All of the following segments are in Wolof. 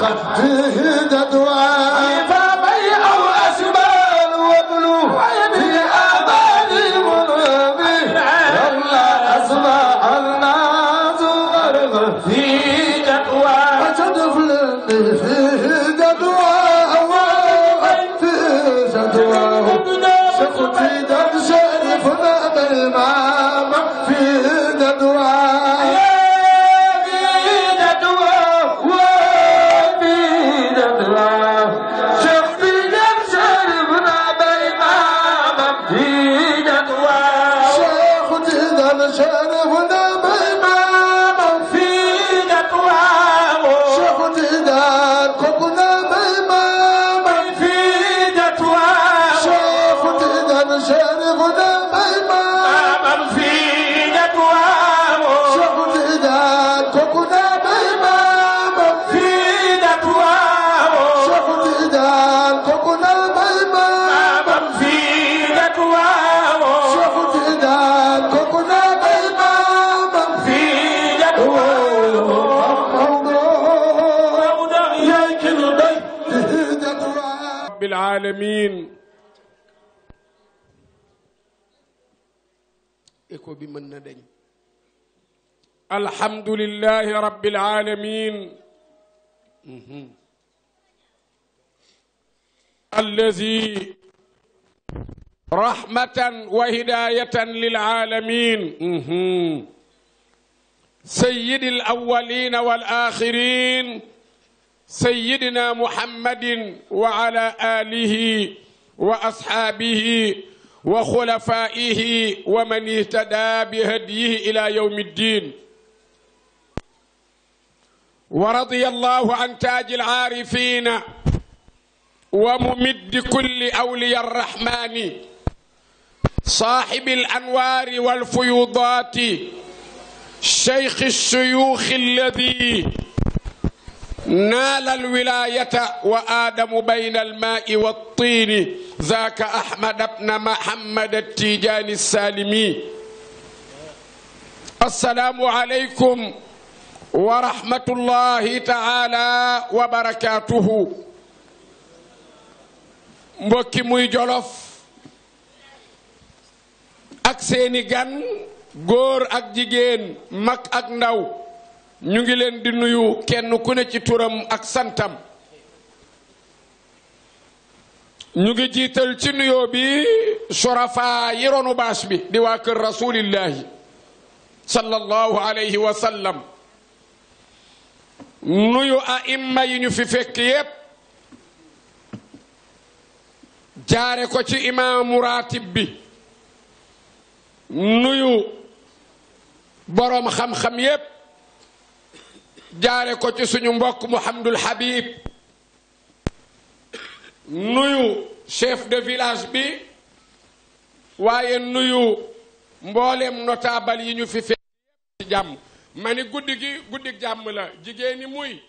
قد bi mën na deñ alhamdulillahi rabbil alamin mhm. allazi rahmatan wa hidayatan lil alamin mhm. sayyidil awwalin wal akhirin sayyidina muhammadin wa ala alihi wa ashabihi wa xulafaa'ihi wa man ihtadaa bi hadyihi ilaa yawmi ddiin wa radiya allahu an taaji alcaarifiina wa mumiddi kulli awliya arrahmaani saaxibi alanwaari walfuyuudaati cheikh alshuyuux alladi نال الولاية وآدم بين الماء والطين ذاك أحمد بن محمد التيجان السالمي السلام عليكم ورحمة الله تعالى وبركاته mbokki muy jolof ak seeni gan góor ak jigéen mag ak ndaw ñu ngi leen di nuyu kenn ku ne ci turam ak santam ñu ngi jiital ci nuyoo bi surafa yi baas bi di waa kër rasulillahi alayhi wa sallam nuyu aimma yi ñu fi fekk yépp jaare ko ci imaamu ratib bi nuyu boroom xam-xam yépp jaare ko ci suñu mbokk Mouhamadul Habib nuyu chef de vilage bi waaye nuyu mboolem notable yi ñu fi fekk ci jàmm ma ni guddi la jigéen ñi muy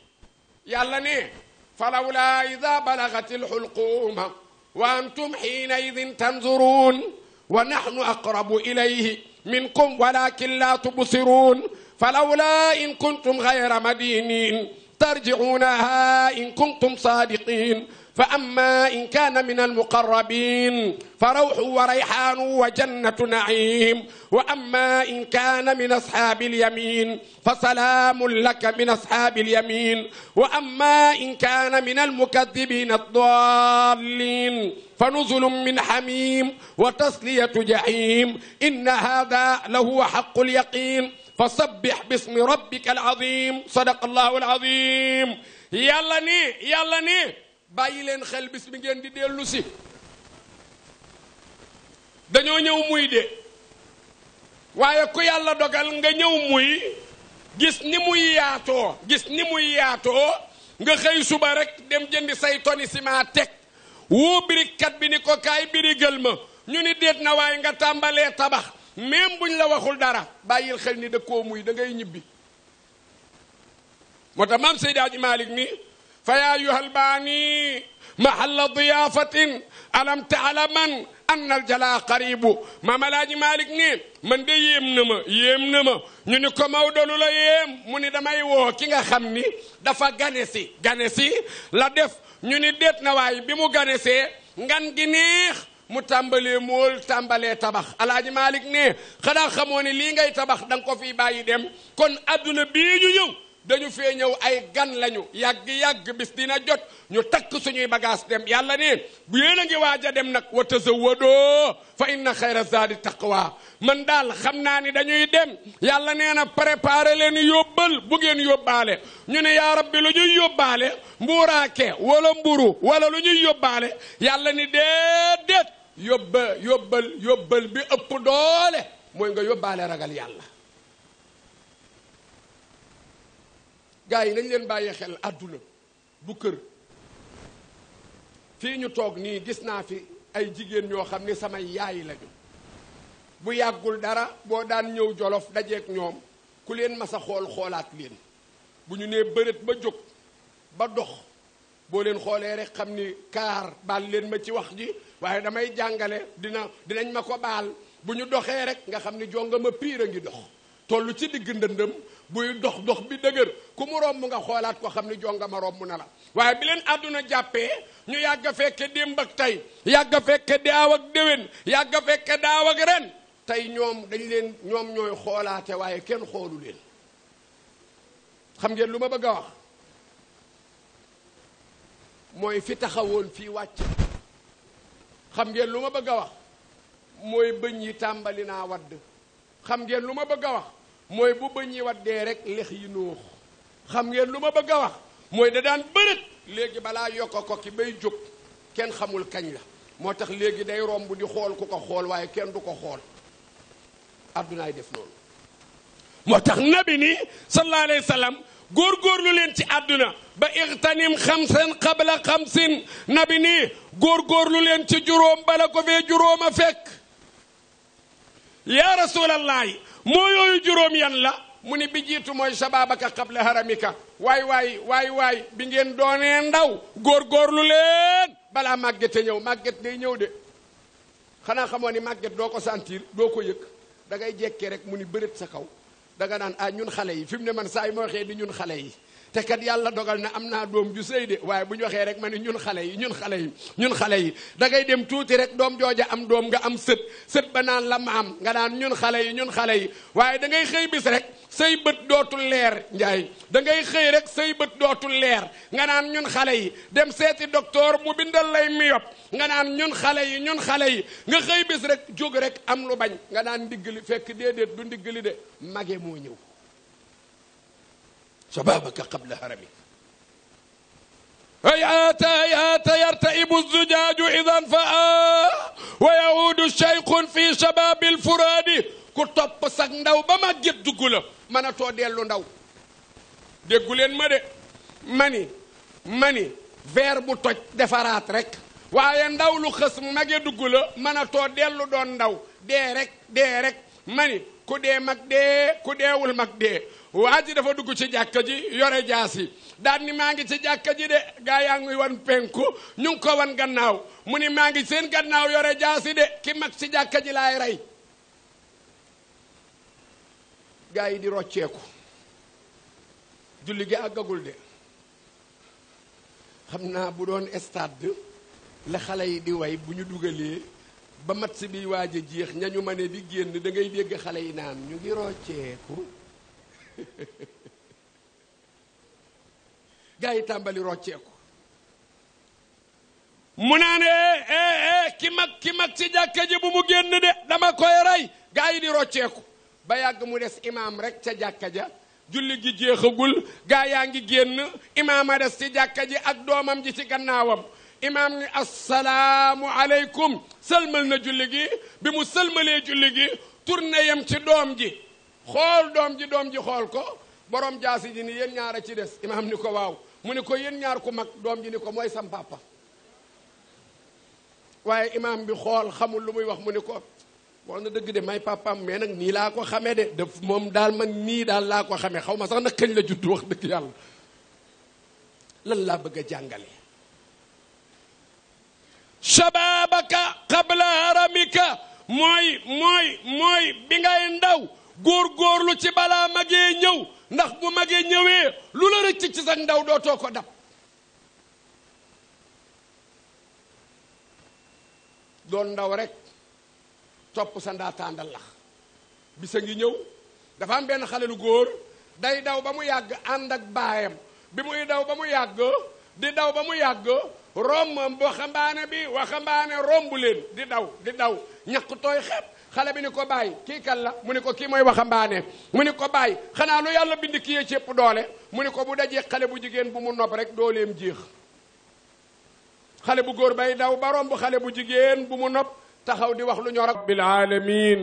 yàlla ne falawlaa ida balagati lxulquuma wa antum xiina idin tanzuruun wa naxnu aqrabu ilayhi minkum walakin laa tubsiruun falawlaa in kuntum xayra madinin tarjicuunaha in kuntum saadiqin fa amma in kaana min almuqarrabin fa rawxu wa rayxaanu wa jannatu naim wa amma in kaana min asxaabi alyamin fa salaamun laka min asxaabi alyamin wa amma in kaana min almukadibin addallin fa nuzulun min xamim wa tasliyatu jahim inna hada lahuwa xaqu alyaqin fa sabbix bismi rabbika alazim sadaqa allahu alazim yàlla ni yàlla ni bàyyi leen xel bis bi ngeen di dellu si dañoo ñëw muy de waaye ku yàlla dogal nga ñëw muy gis ni muy yaatoo gis ni muy yaatoo nga xëy suba rek dem jëndi say toni ciment teg woo birikkat bi ni ko kaay birigal ma ñu ni déet na waaye nga tàmbalee tabax même buñ la waxul dara bàyyil xel ni da koo muy da ngay ñibbi moo tax maam Seydi Hadji Malick ni fa yaa ayyuhal baani mahalla diyaafatin alam taalaman anna al jalaa qaribu maam Alaaji Malick ni man de yéem na ma yéem na ma ñu ni ko Maodo lu la yéem mu ni damay woo ki nga xam ni dafa gane si gane la def ñu ni déet na waay bi mu gane ngan gi neex mu tàmbalee mool tàmbalee tabax alaaj Malick ne xanaa xamoo ne lii ngay tabax da nga ko fiy bàyyi dem kon adduna bii ñu ñëw dañu fee ñëw ay gan lañu yàgg-yàgg bis dina jot ñu takk suñuy bagage dem yàlla ne bu ngi waaj a dem nag wa tazawadoo fa inna xayra zaadi taqwa man daal xam naa ni dañuy dem yàlla nee na préparé leen yóbbal bu ngeen yóbbaale ñu ne yaa rabbi lu ñuy yóbbaale mbuuraake wala mburu wala lu ñuy yóbbaale yàlla ni déedéet yóbba yóbbal yóbbal bi ëpp doole mooy nga yóbbaale ragal yàlla gars yi nañ leen bàyyi xel àdduna bu kër fii ñu toog nii gis naa fi ay jigéen ñoo xam ni samay yaay lañu bu yàggul dara boo daan ñëw jolof dajeek ñoom ku leen mas a xool xoolaat leen bu ñu nee bërët ba jóg ba dox boo leen xoolee rek xam ni kaar baal leen ma ci wax ji waaye damay jàngale dina dinañ ma ko baal bu ñu doxee rek nga xam ni jonga ma piir a ngi dox tollu ci digg ndëndëm buy dox dox bi dëgër ku mu romb nga xoolaat ko xam ni jonga ma romb na la waaye bi leen àdduna jàppee ñu yàgg a fekke démb ak tey yàgg fekke daaw ak déwén yàgg fekke daaw ak ren tey ñoom dañ leen ñoom ñooy xoolaate waaye kenn xoolu leen xam ngeen lu ma bëgg a wax mooy fi taxawoon fii wàcc xam ngeen lu ma bëgg a wax mooy bëñ yi tàmbali naa wadd xam ngeen lu ma bëgg a wax mooy bu bëñ yi waddee rek lex yi nóox xam ngeen lu ma bëgg a wax mooy da daan bërët léegi balaa yokk ko ki bay jóg kenn xamul kañ la moo tax léegi day romb di xool ku ko xool waaye kenn du ko xool addunaay def noonu moo tax nabi ni sallallahu alayhi góor góor lu leen ci àdduna ba ixtanim xamsan qabla xamsin nabi nii lu leen ci juróom bala ko fee juróom a fekk yaa rasulallahi moo yooyu juróom yan la mu ni bi jiitu mooy sababaka qabla haramika waay waay waay waay bi ngeen doonee ndaw góorgóorlu leen balaa màgget a ñëw màgget day ñëw de xanaa xamoo ni màgget doo ko sentir doo ko yëg da ngay rek mu ni bërët sa kaw danga naan ah ñun xale yi fi mu ne man saa yi ma waxee ni ñun xale yi te kat yàlla dogal na am naa doom ju sëy de waaye bu ñu waxee rek ma ne ñun xale yi ñun xale yi ñun xale yi dangay dem tuuti rek doom jooja am doom nga am sët sët ba naan la maam nga naan ñun xale yi ñun xale yi waaye da ngay xëy bis rek sey bët dootul leer njaay dangay ngay xëy rek say bët dootul leer nga naan ñun xale yi dem seeti docteur mu bindal lay miyop nga naan ñun xale yi ñun xale yi nga xëy bis rek jóg rek am lu bañ nga naan ndiggali fekk déedéet du ndiggali de mage moo ñëw sababaka qabla harami هيات هيات يرتئب الزجاج إذا انفأ ويعود شيخ في شباب الفراد ku topp sag ndaw ba màgget dugg la mënatoo dellu ndaw déggu leen ma de mani mani verre bu toj defaraat rek waaye ndaw lu xës mage dugg la mënatoo dellu doon ndaw dee rek dee rek mani ku dee mag dee ku deewul mag dee waa ji dafa dugg ci jàkka ji yore jaas yi ni maa ngi ci jàkka ji de gaa yaa ngi wan penku ñu ko wan gannaaw mu ni maa ngi seen gannaaw yore jaas yi de ki mag ci jàkka ji lay rey gaa yi di rocceeku julli gi àggagul de xam naa bu doon stade la xale yi di way bu ñu dugalee ba match bi waaj a jeex ñañu ma ne di génn da dégg xale yi naan ñu ngi rocceeku gaa yi tàmbali rocceeku mu naan ee eh, ee eh, eh, ki mag ki mag ci jàkka ji bu mu génn de dama koy rey gaa yi di rocceeku ba yàgg mu des imaam rek ca jàkka ja julli gi jeexagul gaa yaa ngi génn imaam a des ci jàkka ji ak doomam ji ci gannaawam imaam ni assalaamu aleykum sëlmal na julli gi bi mu sëlmalee julli gi tourné yam ci doom ji xool doom ji doom ji xool ko borom jaasi ji ni yéen ñaara ci des imaam ni ko waaw mu ni ko yéen ñaar ku mag doom ji ni ko mooy sam waaye imaam bi xool xamul lu muy wax mu ni ko wax na dëgg de may papaam mais nag nii laa ko xame de daf moom daal man nii daal laa ko xamee xaw ma sax nag kañ la judd wax dëgg yàlla lan laa bëgg a jàngale shababaka qabla haramika mooy mooy mooy bi ngay ndaw góorgóorlu ci balaa magee ñëw ndax bu magee ñëwee lu la rëcc ci sa ndaw dootoo ko dab doon ndaw rek topp sa ndaataandal lax bisa ngi ñëw dafa am benn xale lu góor day daw ba mu yàgg ànd ak baayam bi muy daw ba mu yàgg di daw ba mu yàgg romb waxambaane bi waxambaane romb leen di daw di daw ñàkk tooy xepp xale bi ni ko bàyyi kii kan la mu ni ko kii mooy waxambaane mu ni ko bàyyi xanaa lu yàlla bind kii yee cépp doole mu ni ko bu dajee xale bu jigéen bu mu nopp rek dooleem jeex xale bu góor bay daw ba romb xale bu jigéen bu mu nopp taxaw di wax lu ñor ak rabbil alamin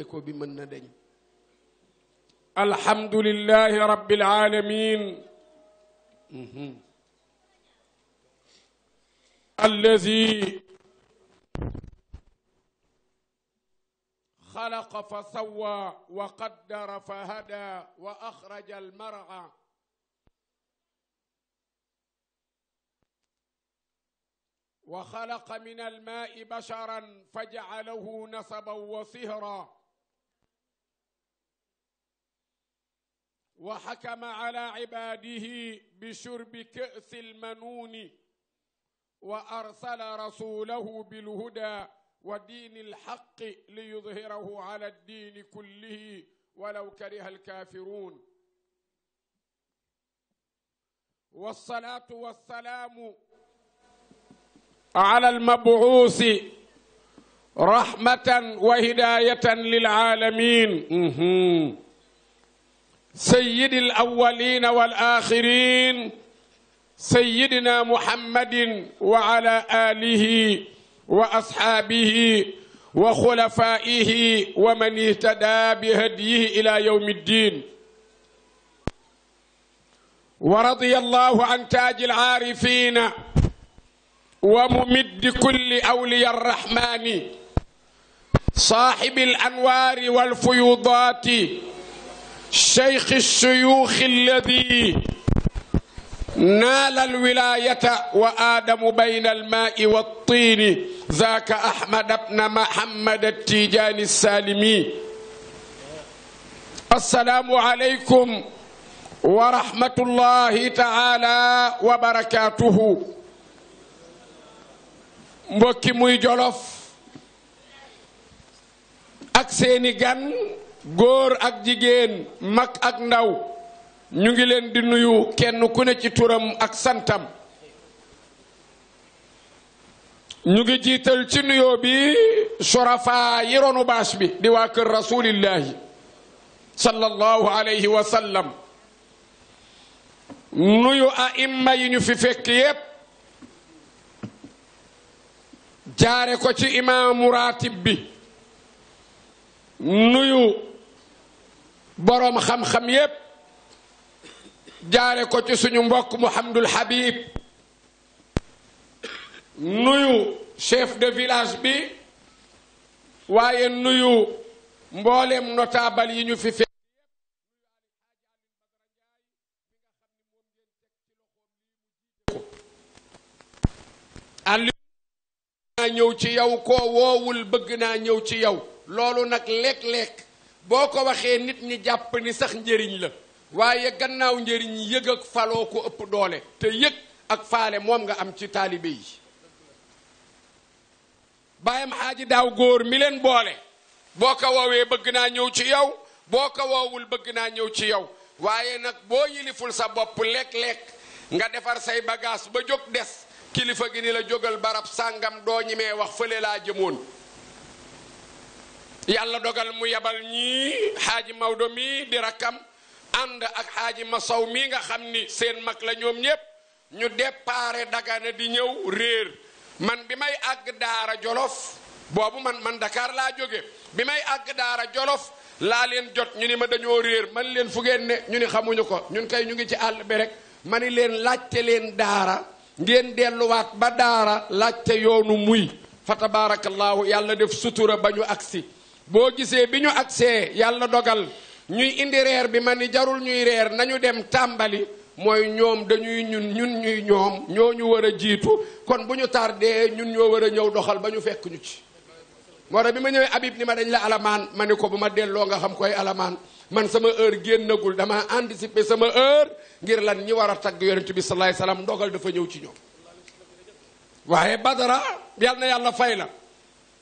écho bi mën na deñ alhamdulillahi rabbil alamin mhm. allazi xalaqa fa sawwa wa qaddara fa hada wa axraja almar'a وخلق من الماء بشرا فجعله نصبا وصهرا وحكم على عباده بشرب كأس المنون وأرسل رسوله بالهدى ودين الحق ليظهره على الدين كله ولو كره الكافرون والصلاة والسلام على المبعوث رحمة وهداية للعالمين سيد الأولين والآخرين سيدنا محمد وعلى آله وأصحابه وخلفائه ومن اهتدى بهديه إلى يوم الدين ورضي الله عن تاج العارفين وممد كل أولياء الرحمن صاحب الأنوار والفيوضات شيخ الشيوخ الذي نال الولاية وآدم بين الماء والطين ذاك أحمد بن محمد التيجان السالمي السلام عليكم ورحمة الله تعالى وبركاته mbokki muy jolof ak seeni gan góor ak jigéen mag ak ndaw ñu ngi leen di nuyu kenn ku ne ci turam ak santam ñu ngi jiital ci nuyoo bi sorafa yi ronu baas bi di waa kër rasulillahi sallallahu alayhi wa sallam nuyu a imma yi ñu fi fekk yépp jaare ko ci imaamu raatib bi nuyu boroom xam-xam yépp jaare ko ci suñu mbokk Mouhamadul Habib nuyu chef de village bi waaye nuyu mboolem taabal yi ñu fi fekk yépp naa ñëw ci yow koo woowul bëgg naa ñëw ci yow loolu nag lekk-lekk boo ko waxee nit ñi jàpp ni sax njëriñ la waaye gannaaw njëriñ yëg ak faloo ko ëpp doole te yëg ak faale moom nga am ci taalibe yi bàyyam aaji daaw góor mi leen boole boo ko woowee bëgg naa ñëw ci yow boo ko woowul bëgg naa ñëw ci yow waaye nag boo yiliful sa bopp lekk-lekk nga defar say bagage ba jóg des kilifa gi la jógal barab sàngam doo ñimee wax fële laa jëmoon yàlla dogal mu yebal ñii xaaji Maodo mii di rakkam ànd ak xaaji Masaw mii nga xam ni seen mag la ñoom ñépp ñu déparé Dagana di ñëw réer man bi may àgg daara jolof boobu man man Dakar laa jóge bi may àgg daara jolof laa leen jot ñu ni ma dañoo réer man leen fu ngeen ne ñu ni xamuñu ko ñun kay ñu ngi ci àll bi rek ma ni leen laajte leen daara ngeen delluwaat ba daara laajte yoonu muy fa tabaarakallaahu yàlla def sutura ba ñu agsi boo gisee bi ñu agsee yàlla dogal ñuy indi reer bi ma ni jarul ñuy reer nañu dem tàmbali mooy ñoom dañuy ñun ñun ñuy ñoom ñoo ñu war a jiitu kon bu ñu tardee ñun ñoo war a ñëw doxal ba ñu fekk ñu ci moo tax bi ma ñëwee Habib ni ma dañ la alamaan ma ni ko bu ma delloo nga xam koy alamaan man sama heure génnagul dama anticiper sama heure ngir lan ñi war a tagg yonent bi salaay salaam ndogal dafa ñëw ci ñoom waaye badara yal na yàlla fay la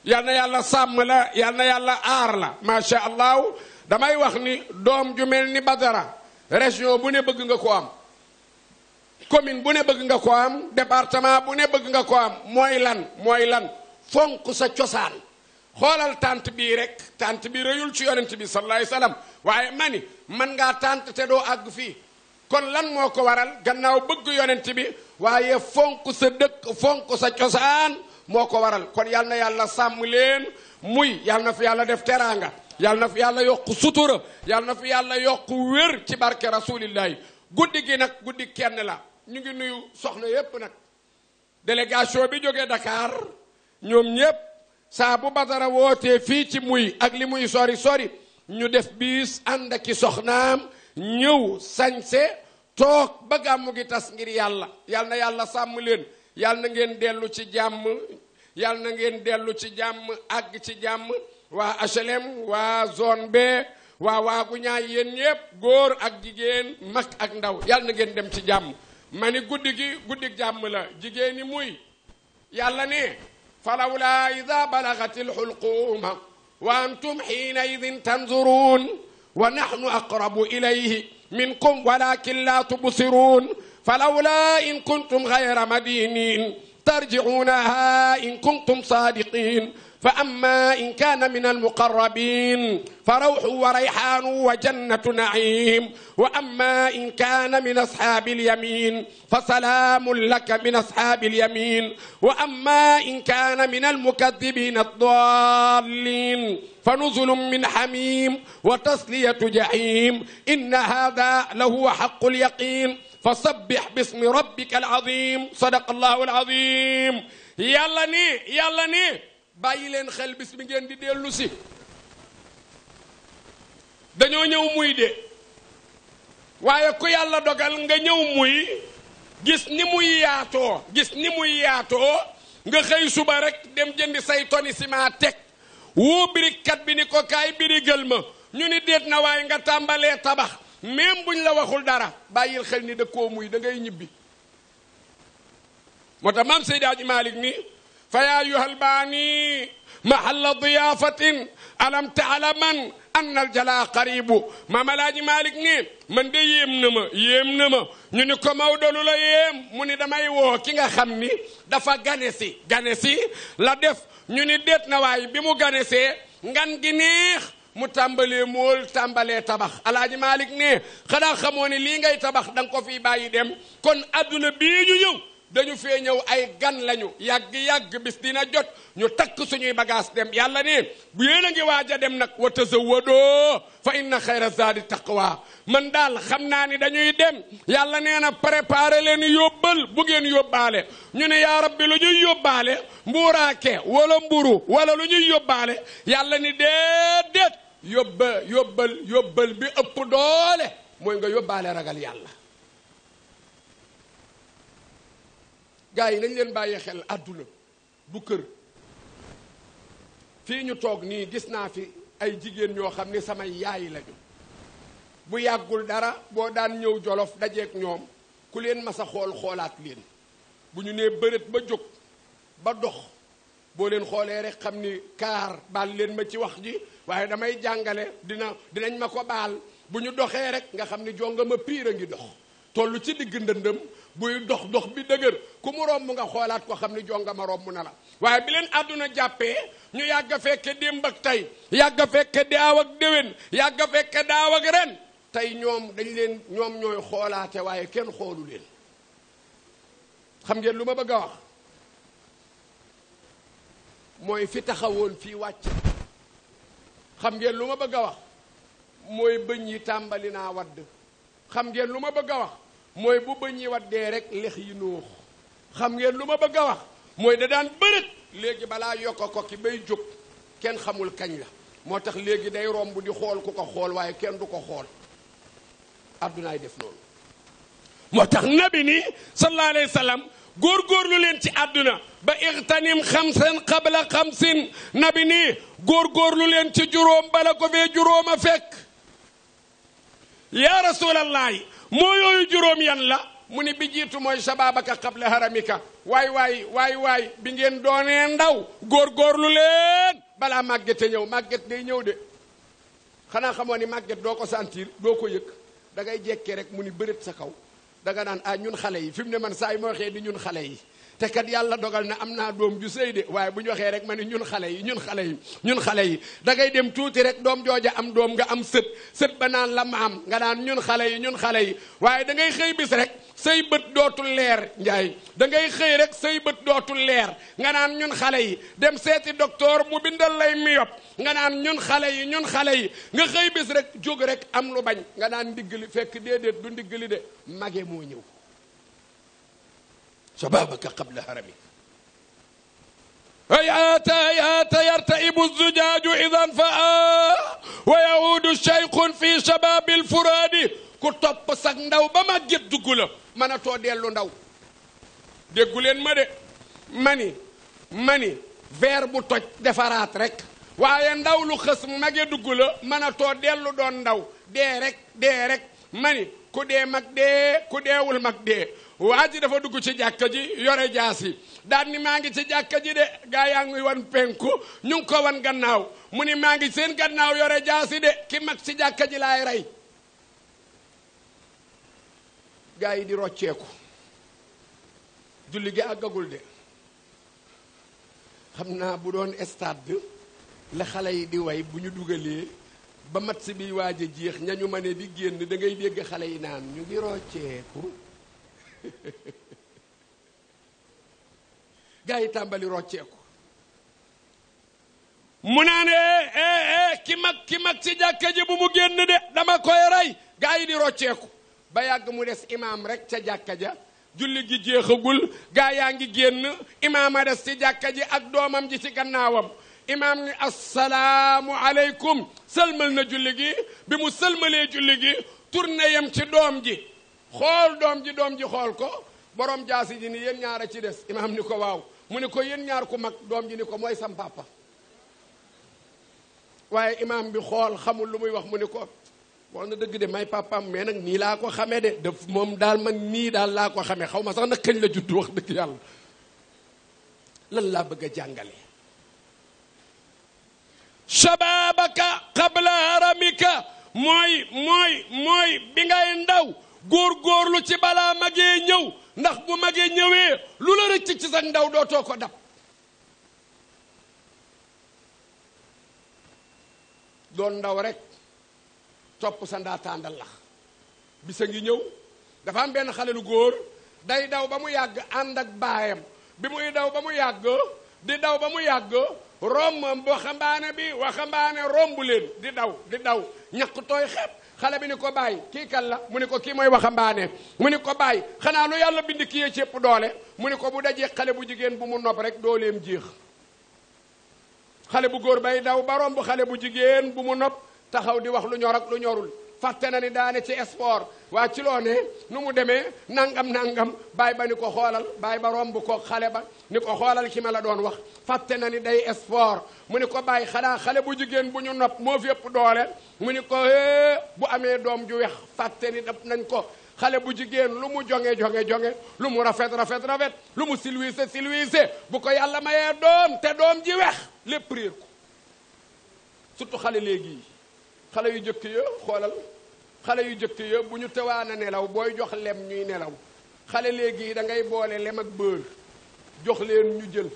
yàlla sàmm la yal na yàlla aar la macha allah damay wax ni doom ju mel ni badara région bu ne bëgg nga ko am commune bu ne bëgg nga ko am département bu ne bëgg nga ko am mooy lan mooy lan fonk sa cosaan xoolal tànt bii rek tant bi rëyul ci yonent bi sallallahu alayhi waaye mani man ngaa tant te doo àgg fii kon lan moo ko waral gannaaw bëgg yonent bi waaye fonk sa dëkk fonk sa cosaan moo ko waral kon yal na yàlla sàmm leen muy yal na fi yàlla def teraanga yal na fi yàlla yokk sutura yal na fi yàlla yokk wér ci barke rasulillahi guddi gi nag guddi kenn la ñu ngi nuyu soxna yépp nag délégation bi jógee Dakar ñoom ñépp saa bu badara wootee fii ci muy ak li muy sori sori ñu def biis ànd ak i soxnaam ñëw sañse toog ba gàmmu gi tas ngir yàlla yal na yàlla sàmm leen yal na ngeen dellu ci jàmm yal na ngeen dellu ci jàmm àgg ci jàmm waa HLM waa zone B waa waagu ñaay yéen yépp góor ak jigéen mag ak ndaw yal na ngeen dem ci jàmm ma guddi gi guddi jàmm la jigéen ñi muy yàlla ne falawlaa ida balagati alxulquuma wa antum xiinaidin tanzuruun wa naxnu aqrabu ilayhi minkum walakin laa tubsiruun falawlaa in kuntum gayra madinin tarjicuunaha in kuntum saadiqin fa amma in kaana min almuqarrabin fa rawxu wa rayxaanu wa jannatu naim wa amma in kaana min asxaabi alyamin fa salaamun laka min asxaabi alyamin wa amma in kaana min almukadibin addallin fa nuzulun min xamim wa tasliyatu jahim inna hada lahuwa xaqu alyaqin fa sabbix bismi rabbika alazim sadaqa allahu alazim yàlla ni yàlla ni bàyyi leen xel bis bi ngeen di dellusi dañoo ñëw muy de waaye ku yàlla dogal nga ñëw muy gis ni muy yaatoo gis ni muy yaatoo nga xëy suba rek dem jënd say toni ciment teg woo birikkat bi ni ko kaay birigal ma ñu ni déet na waaye nga tàmbalee tabax même buñ la waxul dara bàyyil xel ni da muy da ñibbi moo tax maam Seydi Hadji Malick فيا أيها الباني محل ضيافة ألم تعلمن an nal jalaa xaribu maam alaaji malik ne man de yéem na ma yéem na ma ñu ni ko Maodo lu la yéem mu ni damay woo ki nga xam ni dafa gane si gane si la def ñu ni déet na waay bi mu gane ngan gi neex mu tàmbalee mool tàmbalee tabax alaaji malik ne xanaa xamoo ne lii ngay tabax da ko fiy bàyyi dem kon adduna bii yu ñëw dañu fee ñëw ay gan lañu yàgg-yàgg bis dina jot ñu takk suñuy bagage dem yàlla ne bu yéen a ngi waaj a dem nag wa tazawadoo fa inna xayra zaadi taqwa man daal xam naa ni dañuy dem yàlla nee na préparé leen yóbbal bu ngeen yóbbaale ñu ne yaa rabbi lu ñuy yóbbale mbuuraake wala mburu wala lu ñuy yóbbaale yàlla ni déedéet yóbba yóbbal yóbbal bi ëpp doole mooy nga yóbbale ragal yàlla gars yi nañ leen bàyyi xel àdduna du kër fii ñu toog nii gis naa fi ay jigéen ñoo xam ne samay yaay lañu bu yàggul dara boo daan ñëw jolof dajeek ñoom ku leen mas xool xoolaat leen bu ñu nee bërët ba jóg ba dox boo leen xoolee rek xam ni kaar baal leen ma ci wax ji waaye damay jàngale dina dinañ ma ko baal bu ñu doxee rek nga xam ni jonga ma piir a ngi dox tollu ci digg ndëndëm buy dox dox bi dëgër ku mu romb nga xoolaat ko xam ni jongama romb na la waaye bi leen àdduna jàppee ñu yàgg a fekke démb ak tey yàgg a fekke daaw ak déwén yàgg a fekke daaw ak ren tey ñoom dañ leen ñoom ñooy xoolaate waaye kenn xoolu leen xam ngeen lu fi taxawoon fii wàcc xam ngeen lu ma bëgg a wax mooy bëñ yi tàmbali naa wadd xam ngeen lu ma bëgg wax mooy bu bëñ yi waddee rek lex yi nuux xam ngeen lu ma bëgg a wax mooy da daan bërët léegi balaa yokk ko ki bay jóg kenn xamul kañ la moo tax léegi day romb di xool ku ko xool waaye kenn du ko xool addunaay def loolu moo tax nabi ni sallallahu alayhi wa sallam góorgóorlu leen ci àdduna ba ixtanim xamsan xam xamsin nabi góor góor góorgóorlu leen ci juróom bala ko fee juróom a fekk yaa rasulallahi moo yooyu juróom yan la mu ni bi jiitu mooy shababaka qabla haramika waay waay waay waay bi ngeen doonee ndaw góor góorgóorlu leen balaa màgget màggete ñëw màgget day ñëw de xanaa xamoo ni màgget doo ko sentir doo ko yëg da ngay jekkee rek mu ni bërët sa kaw da nga naan ah ñun xale yi fi mu ne man saa yi ma di ñun xale yi te yàlla dogal na am naa doom ju sëy de waaye bu ñu waxee rek ma ne ñun xale yi ñun xale yi ñun xale yi da dem tuuti rek doom jooja am doom nga am sët sët ba naan la maam nga naan ñun xale yi ñun xale yi waaye da ngay xëy bis rek say bët dootul leer njaay da ngay xëy rek say bët dootul leer nga naan ñun xale yi dem seeti docteur mu bindal lay mi yopp nga naan ñun xale yi ñun xale yi nga xëy bis rek jóg rek am lu bañ nga naan ndiggali fekk déedéet du ndiggali de mage moo ñëw شبابك قبل هرمه هيات هيات يرتئب الزجاج إذا فآ ويعود شيخ في شباب الفراد ku topp sag ndaw ba màgget dugg la mën a too dellu ndaw déggu leen ma de mani mani verre bu toj defaraat rek waaye ndaw lu xës mage dugg la mën a too dellu doon ndaw dee rek dee rek mani ku dee mag dee ku deewul mag dee waa ji dafa dugg ci jàkka ji yore jaasi daan ni maa ngi ci jàkka ji de gaa yaa ngi wan penku ñu ngi ko wan gannaaw mu ni maa ngi seen gannaaw yore jaasi de ki mag ci jàkka ji laay rey gaa yi di rocceeku julli gi àggagul de xam naa bu doon stade la xale yi di way bu ñu dugalee ba mat si biy waaj a jeex ñañu ma ne di génn da ngay dégg xale yi naan ñu ngi rocceeku gaa yi tàmbali rocceeku mu naan ee eh, ee eh, eh, ki mag ki mag ci jàkka ji bu mu génn de dama koy rey gaa yi di rocceeku ba yàgg mu des imaam rek ca jàkka ja julli gi jeexagul gaa yaa ngi génn imaam a des ci jàkka ji ak doomam ji ci gannaawam imaam ni assalaamu aleykum sëlmal na julli gi bi mu sëlmalee julli gi tourné ci doom ji xool doom ji doom ji xool ko borom jaasi ji ni yéen ñaar a ci des imaam ni ko waaw mu ni ko yéen ñaar ku mag doom ji ni ko mooy sam papa waaye imaam bi xool xamul lu muy wax mu ni ko wax na dëgg de may papaam mais nag nii laa ko xame de daf moom daal man nii daal laa ko xame xaw ma sax na kañ la judd wax dëgg yàlla lan laa bëgg a jàngale shababaka qabla haramika mooy mooy mooy bi ngay ndaw góor góorgóorlu ci balaa magee ñëw ndax bu magee ñëwee lu la rëcc ci sa ndaw dootoo ko dab doon ndaw rek topp sa ndaataandal lax sa ngi ñëw dafa am benn xale lu góor day daw ba mu yàgg ànd ak baayam bi muy daw ba mu yàgg di daw ba mu yàgg romb waxambaane bi waxambaane romb leen di daw di daw ñàkk tooy xepp xale bi ni ko bàyyi kii kan la mu ni ko kii mooy waxambaane mu ni ko bàyyi xanaa lu yàlla bind kii yee cépp doole mu ni ko bu dajee xale bu jigéen bu mu nopp rek dooleem jeex xale bu góor bay daw ba romb xale bu jigéen bu mu nopp taxaw di wax lu ñor ak lu ñorul fàtte na ni daane ci sport waa ci loo ne nu mu demee nangam nangam baay ba ni ko xoolal baay ba romb ko xale ba ni ko xoolal ki ma la doon wax fàtte na ni day sport mu ni ko bàyyi xanaa xale bu jigéen bu ñu nopp moo fi doole mu ni ko bu amee doom ji weex fàtte ni daf nañ ko xale bu jigéen lu mu jonge jonge jonge lu mu rafet rafet rafet lu mu silwiise silwiise bu ko yàlla mayee doom te doom ji weex lépp réer ko surtout xale léegi xale yu jëkk ya xoolal xale yu jëkk ya bu ñu tewaan a nelaw booy jox lem ñuy nelaw xale léegi da ngay boole lem ak bër jox leen ñu jël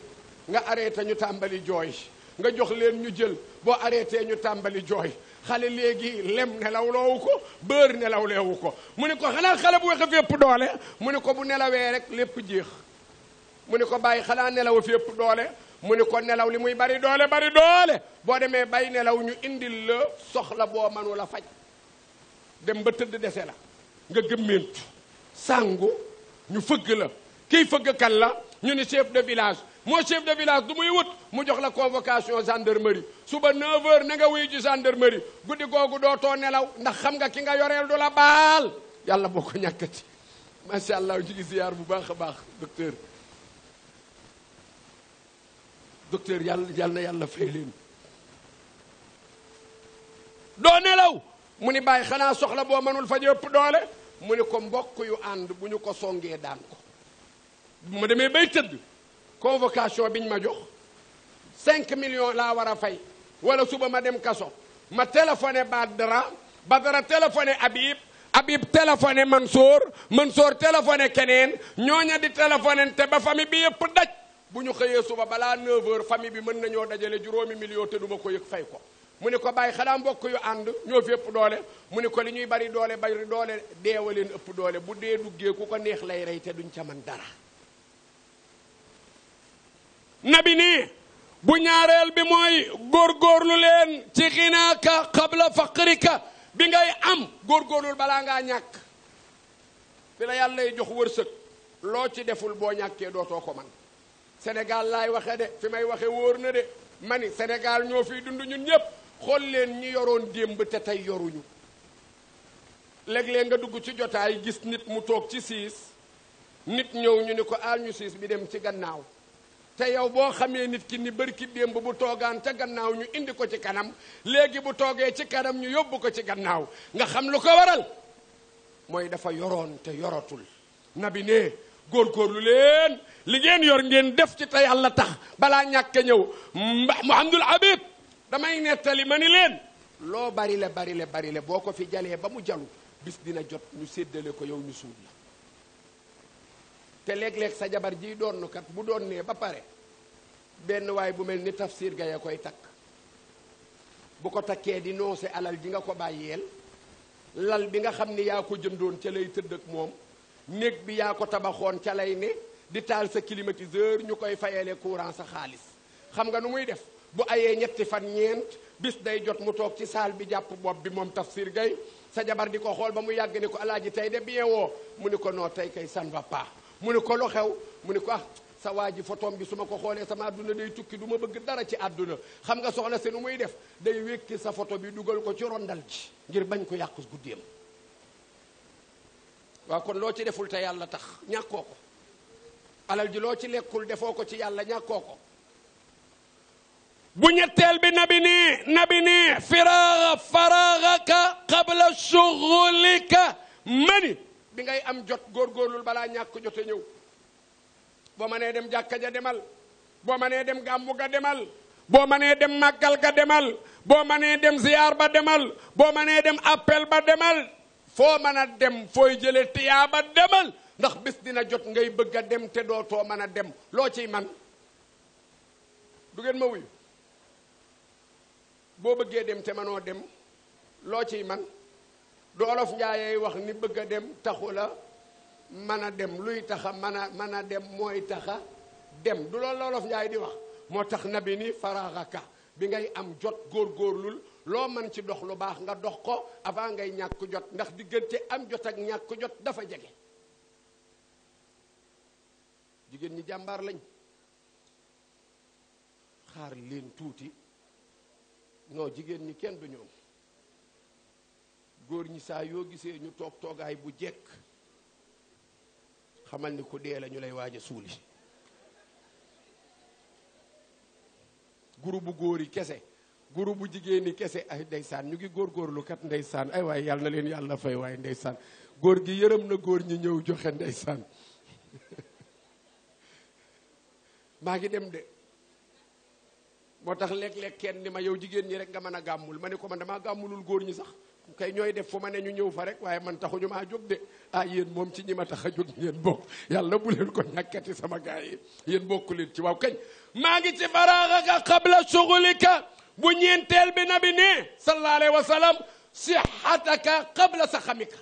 nga arrêté ñu tàmbali jooy nga jox leen ñu jël boo arrêté ñu tàmbali jooy xale léegi lem nelaw loowu ko bër nelaw leewu ko mu ne ko xanaa xale bu wexe fi ëpp doole mu ne ko bu nelawee rek lépp jeex mu ne ko bàyyi xanaa nelaw fi ëpp doole mu ni ko nelaw li muy bari doole bari doole boo demee bay nelaw ñu indil la soxla boo mënu la faj dem ba tëdd dese la nga gëmmeentu sàngu ñu fëgg la kiy fëgg kan la ñu ni chef de village moo chef de village du muy wut mu jox la convocation gendarmerie suba 9h na nga wuyu ji gendarmerie guddi googu dootoo nelaw ndax xam nga ki nga yoreel du la baal yàlla boo ko ñàkkati macha allah ñu ngi ziar bu baax a baax docteur docteur yàlla yàlla na yàlla fay leen doo nelaw mu ni bàyyi xanaa soxla boo mënul faj ëpp doole mu ni ko mbokk yu ànd bu ñu ko songee daan ko bu ma demee bay tëdd convocation biñ ma jox cinq millions laa war a fay wala suba ma dem kaso ma téléphoné Badara Badara téléphoné Habib Habib téléphoné Mansour Mansour téléphoné keneen ñooña di téléphoné te ba famille bi yëpp daj bu ñu xëyee suba balaa 9h famille bi mën nañoo dajale juróomi million te duma ko yëg fay ko mu ni ko bàyyi xanaa mbokk yu ànd ñoo fi doole mu ni ko li ñuy bari doole bari doole deewa leen ëpp doole bu dee duggee ku ko neex lay rey te duñ ca man dara nabi bu ñaareel bi mooy góorgóorlu leen ci xinaaka xabla faqrika bi ngay am góorgóorlul balaa ngaa ñàkk fi la yàlla lay jox wërsëg loo ci deful boo ñàkkee dootoo ko man senegal laay waxe de fi may waxe wóor na de ma ni Sénégal ñoo fiy dund ñun ñëpp xool leen ñi yoroon démb te tey yoruñu léeg leen nga dugg ci jotaay gis nit mu toog ci siis nit ñëw ñu ni ko aal ñu siis bi dem ci gannaaw te yow boo xamee nit ki ni bërki démb bu toogaan ca gannaaw ñu indi ko ci kanam léegi bu toogee ci kanam ñu yóbbu ko ci gannaaw nga xam lu ko waral mooy dafa yoroon te yoratul nabi ne góorgóorlu leen li ngeen yor ngeen def ci te yàlla tax balaa ñàkk ñëw Mouhamadul Habib damay nettali ma ni leen loo bari le bari le boo ko fi jalee ba mu jalu bis dina jot ñu séddale ko yow ñu suul la te léeg-léeg sa jabar jiy doon kat bu doon nee ba pare benn waay bu mel ni tafsir gaya koy takk bu ko takkee di noose alal ji nga ko bàyyeel lal bi nga xam ni yaa ko jëndoon ca lay tëdd ak moom néeg bi yaa ko tabaxoon ca lay ne di taal sa climatiseur ñu koy fayalee courant sa xaalis xam nga nu muy def bu ayee ñetti fan ñeent bis day jot mu toog ci saal bi jàpp bopp bi moom Tafsir Gaye sa jabar di ko xool ba mu yàgg ni ko ji tey de bien woo mu ni ko noo tey kay ça va pas mu ni ko lu xew mu ni ko ah sa waa ji photom bi su ma ko xoolee sama àdduna day tukki du ma bëgg dara ci àdduna xam nga soxna si nu muy def day wékki sa photo bi dugal ko ci rondal ji ngir bañ ko yàqu guddeem waaw kon loo ci deful te yàlla tax ñàkkoo ko alal ji loo ci lekkul defoo ko ci yàlla ñàkkoo bu ñetteel bi nabi nii nabi nii firaaxa faraxaka xabla suxulika mani bi ngay am jot góorgóorlul balaa ñàkk jote ñëw boo ma dem jàkka ja demal boo ma dem gàmmu ga demal boo ma dem màggal ga demal boo ma dem ziyaar ba demal boo ma nee dem appel ba demal foo mën a dem fooy jële tiyaa ba demal ndax bés dina jot ngay bëgg a dem te dootoo mën a dem loo ciy man du ngeen ma boo bëggee dem te mënoo dem loo ciy man du olof njaayey wax ni bëgg a dem taxu la mën a dem luy taxa mën a mën a dem mooy taxa dem du loolu la olof njaay di wax moo tax na bi ni faraxaka bi ngay am jot góor góorgóorlul loo mën ci dox lu baax nga dox ko avant ngay ñàkk jot ndax diggante am jot ak ñàkk jot dafa jege jigéen ñi jàmbaar lañ xaar leen tuuti ñoo jigéen ñi kenn du ñoom góor ñi saa yoo gisee ñu toog toogaay bu jekk xamal ni ku dee lañu lay waaja suuli gurubu góor yi kese guru jigéeni kese ay ndeysaan ñu ngi lu kat ndeysaan ay waaye yàlla na leen yàlla fay waaye ndeysaan góor gi yërëm na góor ñi ñëw joxe ndeysaan maa ngi dem de moo tax lekk léeg kenn ni ma yow jigéen ñi rek nga mën a gàmmul ma ne ko man damaa gàmmulul góor ñi sax kay ñooy def foo ma ne ñu ñëw fa rek waaye man taxuñu maa jóg de ah yéen moom ci ñi ma tax a jóg ngeen bokk yàlla bu leen ko ñàkkati sama gaay yi yéen ci waaw kañ maa ngi ci faraaxaka xabla sugulika bu ñeenteel bi nabi ne sallallahu alayhi wa sallam sixataka xabla sa xamika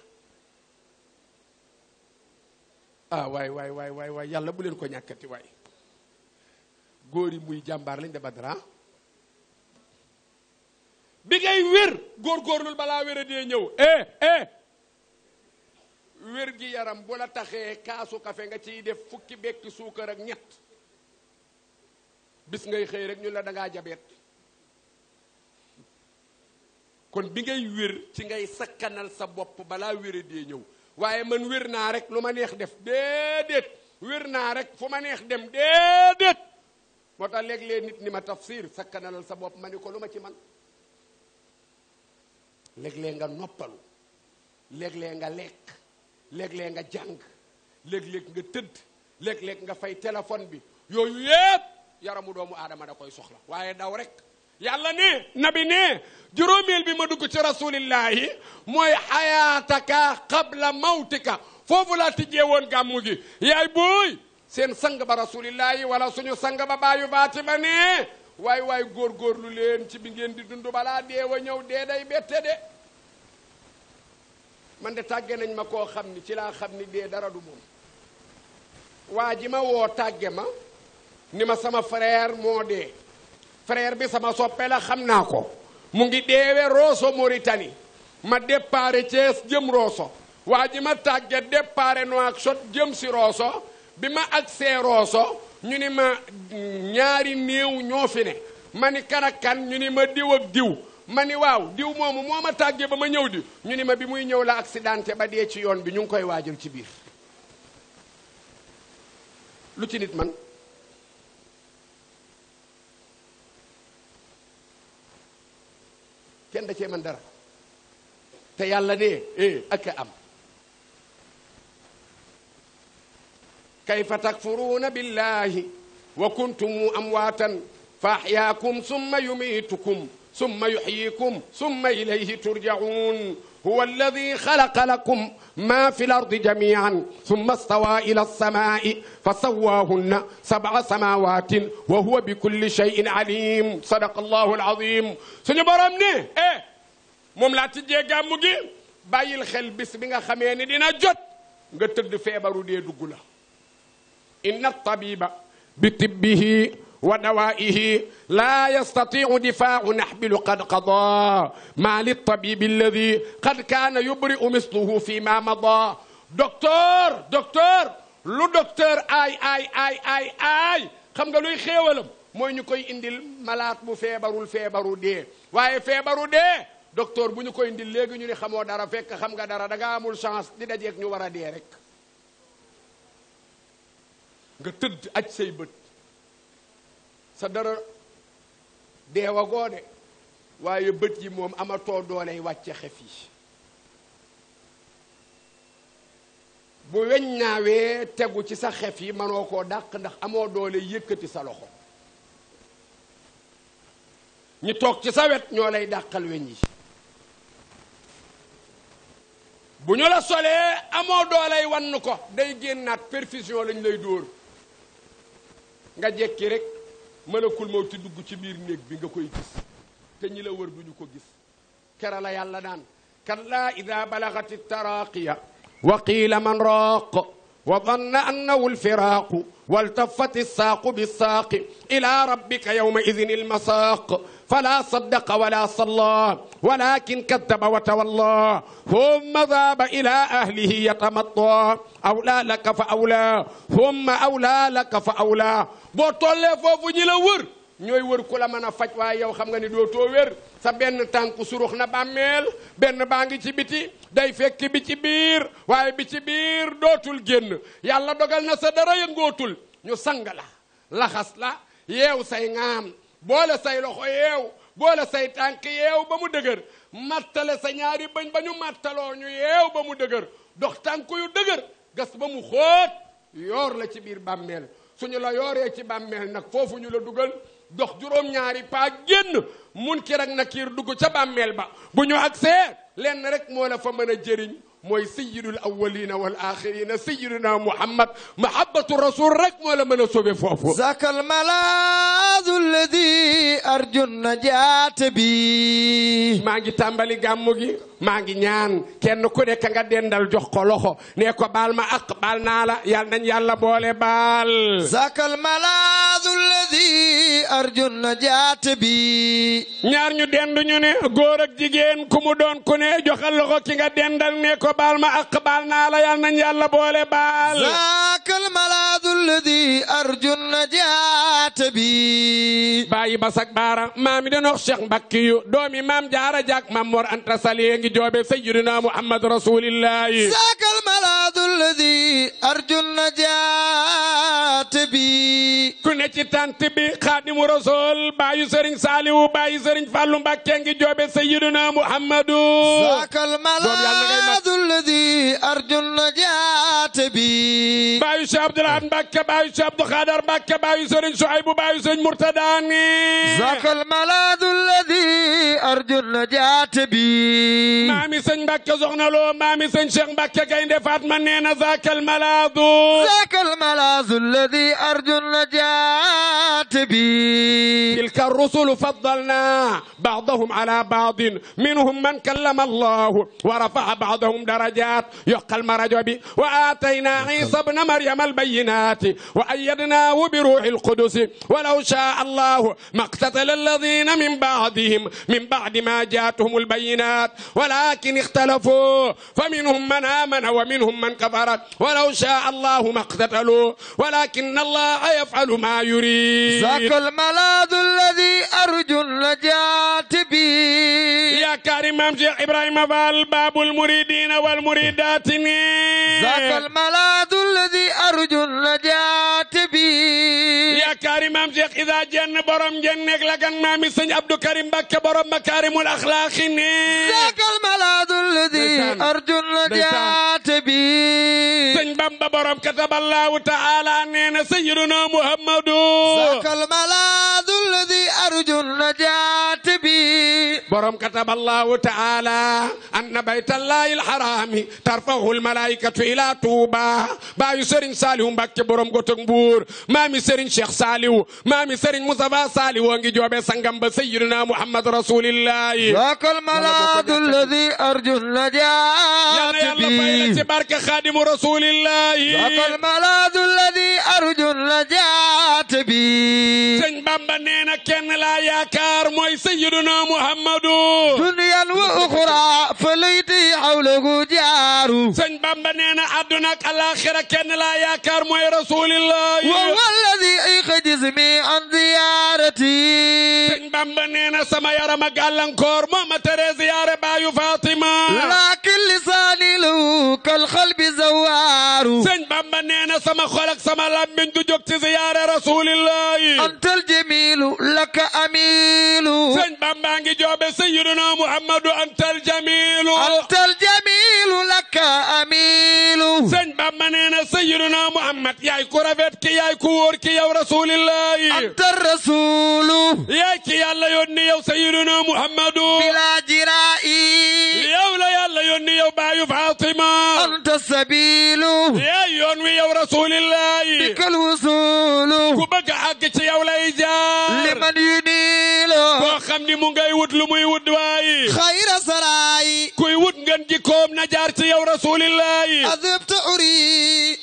ah waay waaye waaye waay waay yàlla bu leen ko ñàkkati waay góor yi muy jàmbaar lañ de Badara bi ngay wér góorgóorlul balaa wéra dee ñëw eh eh wér gi yaram bu la taxee kaasu kafe nga ciy def fukki bekki suukar ak ñett bis ngay xëy rek ñu la da ngaa kon bi ngay wér ci ngay sakkanal sa bopp balaa wéra dee ñëw waaye man wér naa rek lu ma neex def déedéet wér naa rek fu ma neex dem déedéet moo tax léeg-léeg nit ni ma tafsir sakkanalal sa bopp ma ni ko lu ma ci man léeg-léeg nga noppalu léeg-léeg nga lekk léeg nga jàng léeg-léeg nga tëdd léeg-léeg nga fay téléphone bi yooyu yépp yaramu doomu adama da koy soxla waaye daw rek yàlla ne nabi ne juróomeel bi ma dugg ci rasulillahi mooy xayaataka qabla mawtika foofu laa tijjee woon gàmmu gi yaay booy seen sang ba rasulillahi wala suñu sang ba baayu Fatima ne waay waay góorgóorlu leen ci bi ngeen di dund balaa deewa ñëw dee day bette de man de tàgge nañ ma koo xam ni ci laa xam ni dee dara du moom waa ji ma woo tàgge ma ni ma sama frère moo dee frère bi sama soppe la xam naa ko mu ngi deewe Rosso Mauritanie ma déparé Thiès jëm Rosso waa ji ma tàgge déparé Nouakchott jëm si Rosso bi ma agsee Rosso ñu ni ma ñaari néew ñoo fi ne ni kan ñu ni ma diw ak diw ma waaw diw moomu moo ma tàggee ba ma ñëw di ñu ni ma bi muy ñëw la accidenté ba dee ci yoon bi ñu ngi koy waajal ci biir lu ci nit man kenn da cee man dara te yàlla ne eh ak am kayfa takfuruuna billahi wa kuntum amwaatan fa ahyaakum summa yumiitukum summa yuhyiikum summa ilayhi turjacuun huwa alladi xalaqa lakum maa fi lardi jamiican summa stawaa ila samaa'i fa sawwaahunna sabca samaawatin wa huwa bi kulli shay'in aliim sadaqa allahu alazim suñu borom ne eh moom laa tijjee gàmmu gi bàyyil xel bis bi nga xamee ni dina jot nga tëdd feebaru dee dugg la إن الطبيب بطبه ودوائه لا يستطيع دفاع نحبل قد قضى ما للطبيب الذي قد كان يبرئ مثله فيما مضى دكتور دكتور lu docteur ay ay ay ay ay xam nga luy xéewalam mooy ñu koy indil malaat bu feebarul feebaru dee waaye feebaru dee docteur bu ñu koy indil léegi ñu ni xamoo dara fekk xam nga dara da nga amul chance di dajeeg ñu war a dee rek nga tëdd aj say bët sa dara deewagoo de waaye bët yi moom amatoo dooley wàcce xef yi bu weñ naawee tegu ci sa xef yi mënoo koo dàq ndax amoo doole yëkkati sa loxo ñi toog ci sa wet ñoo lay dàqal weñ yi bu ñu la solee amoo dooley wann ko day génnaat perfusion lañ lay dóor nga jekki rek malakul mawti dugg ci biir néeg bi nga koy gis te ñi la wër bu ko gis kera la yàlla naan kalla ida balagati taraqiya wa qiila man raaq wa danna annahu alfiraaqu والتفت الساق بالساق إلى ربك يومئذ المساق فلا صدق ولا صلى ولكن كذب وتولى ثم ذهب إلى أهله يتمطى أولى لك فأولى ثم أولى لك فأولى بطل فوفو ني ñooy wër ku la mën a faj waaye yow xam nga ni doo too wér sa benn tànku surux na bàmmeel benn baa ngi ci biti day fekk bi ci biir waaye bi ci biir dootul génn yàlla dogal na sa dara yëngootul ñu sang laxas la yeew say ŋaam boole say loxo yeew boole say tànk yeew ba mu dëgër mattale sa ñaari bañ ba ñu mattaloo ñu yeew ba mu dëgër dox tànk yu dëgër gas ba mu xoot yoor la ci biir bàmmeel suñu la yooree ci bàmmeel nag foofu ñu la dugal dox juróom-ñaari paa génn Munkar ak ki dugg ca bàmmeel ba bu ñu agsee lenn rek moo la fa mën a jëriñ mooy sayyidul awwalina wal axirina sayyidina Muhammad mahabbatu rasul rek moo la mën a sobe foofu. zakal malaadu alladi arju najaate bi. maa ngi tàmbali gàmmu gi. maa ngi ñaan kenn ku nekk nga dendal jox ko loxo nee ko baal ma ak baal naa la yal nañ yàlla boole baal zakal malaadu alladi arju najaat bi ñaar ñu dendu ñu ne góor ak jigéen ku mu doon ku ne joxal loxo ki nga dendal nee ko baal ma ak baal naa la yal nañ yàlla boole baal zakal malaadu alladi arju najaat bi bàyyi basak baara maami denox cheikh mbakki yu doomi maam jaara jaak mam mor anta sali ngi joobe sayyidina muhammad rasulillahi saakal malaadu alladi arju najaat bi ku ne ci tànt bi xaadimu rasul baayu sëriñ saaliwu baayu sëriñ fàllu mbàkke ngi joobe sayyidina muhammadu saakal malaadu alladi arju najaat bi baayu cheikh abdoulahat mbàkke baayu cheikh abdou xaadar mbàkke baayu sëriñ suaybu baayu sëriñ murtadaani saakal malaadu alladi arju najaat bi yi maami sëñ Mbàkke soxna loo maami sëñ Cheikh Mbàkke gaynde Fatma nee na zaakal malaadu zaakal malaadu alladi arju najaat bi tilka rusulu faddalna baadahum ala baadin minhum man kallama allahu wa rafaa baadahum darajat yokkal ma rajo bi wa aatayna isa bna maryama albayinati wa ayyadnaahu bi ruuxi alqudusi walaw shaa allahu ma iqtatala alladina min baadihim min baadi ma jaatuhum albayinat ولكن اختلفوا فمنهم من آمن ومنهم من كفر ولو شاء الله ما اقتتلوا ولكن الله يفعل ما يريد ذاك الملاذ الذي أرجو النجاة به يا كريم شيخ إبراهيم فالباب المريدين والمريدات ذاك الملاذ الذي أرجو النجاة به يا كريم شيخ إذا جن برم جنك لكن ما مسن عبد كريم بك برم مكارم الأخلاق ذاك الملاذ الذي أرجو النجاة به سن بامبا بروم كتب الله تعالى نينا سيدنا محمد ذاك الملاذ الذي أرجو النجاة به borom kataballahu taala anna baytallahi alharami tarfahu almalaikatu ila tuuba baayu sëriñ saalihu mbàkke borom gotok mbuur maami sëriñ cheikh saalihu maami sëriñ mustafa saalihu ngi joobe sangam ba sayyidina muhammad rasulillahi wakal maladu alladi arju najaati bi yàlla yàlla ci barke xaadimu rasulillahi wakal maladu alladi arju najaati bi sëñ bamba nee na kenn laa yaakaar mooy sayyiduna muhammad محمد دنيا واخرى فليتي حوله جارو سن بامبا نينا ادنا الاخره كن لا ياكار موي رسول الله وهو الذي يخجزني عن زيارتي سن بامبا نينا سما يرم غالنكور ما تري زياره بايو فاطمه kal xal bi zawaaru sëñ Bamba nee na sama xol ak sama làmmiñ du jóg ci ziyaare rasulillahi antal jamilu laka amilu sëñ Bamba ngi joobe sayyiduna Muhammadu antal jamilu antal jamilu sëñ Bamba nee na sayyiduna Muhammad yaay ku rafet ki yaay ku wóor ki yow rasulillahi anta rasulu yaay ki yàlla yónni yow sayyiduna Muhammadu bila jirai yow la yàlla yónni yow baayu Fatima anta sabilu yaay yoon wi yow rasulillahi bikal wusulu ku bëgg àgg ci yow lay jaar koo xam ni mu ngay wut lu muy wut waayi xayra saraayi kuy wut ngeen jikkoom na jaar ci yow rasulillahi azabta uri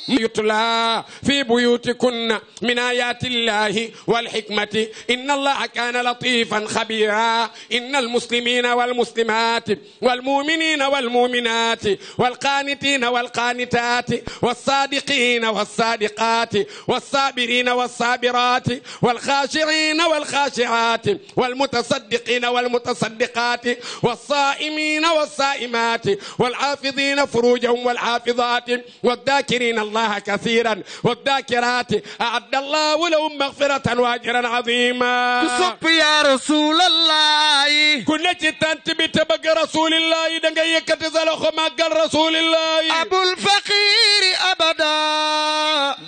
يتلى في بيوتكن من آيات الله والحكمة إن الله كان لطيفا خبيرا إن المسلمين والمسلمات والمؤمنين والمؤمنات والقانتين والقانتات والصادقين والصادقات والصابرين والصابرات والخاشعين والخاشعات والمتصدقين والمتصدقات والصائمين والصائمات والحافظين فروجهم والحافظات والذاكرين الله الله كثيرا والذاكرات أعد الله لهم مغفرة وأجرا عظيما كسب يا رسول الله كنا جتانت بتبقى رسول الله دنجا يكتز مقال رسول الله أبو الفقير أبدا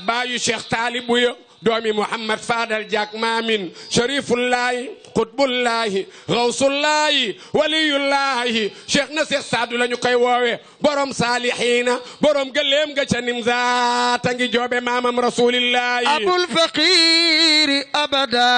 بايو شيخ طالب ويو doomi muhammad faadal jak maamin sharifullahi qutbullahi gawsullahi waliyullahi cheikh na seex saadu lañu koy woowe borom saalihiina borom gëléem ga ca nimzaata ngi joobe maamam rasulillahi abul faqiri abada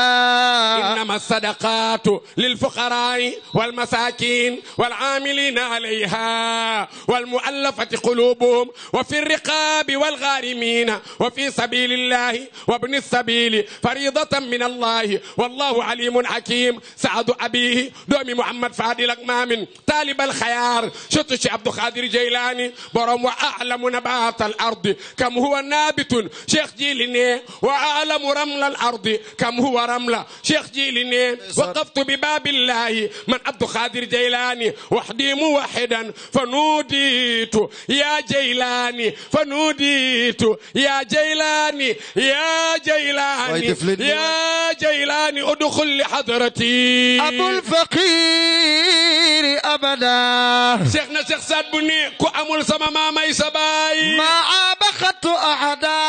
innama sadaqatu lil fuqarai wal masakin wal amilina alayha wal muallafati qulubuhum wa fi riqabi wal gharimina wa fi sabilillahi wa وابن السبيل فريضة من الله والله عليم حكيم سعد أبيه دومي محمد فادي لك مامن طالب الخيار شتش عبد القادر جيلاني برم وأعلم نبات الأرض كم هو نابت شيخ جيلني وأعلم رمل الأرض كم هو رملة شيخ جيلني وقفت بباب الله من عبد القادر جيلاني وحدي موحدا فنوديت يا جيلاني فنوديت يا جيلاني يا جيلاني يا جيلاني ادخل لحضرتي ابو الفقير ابدا شيخنا شيخ سعد بني كو امول سما ماماي سباي ما ابخت احدا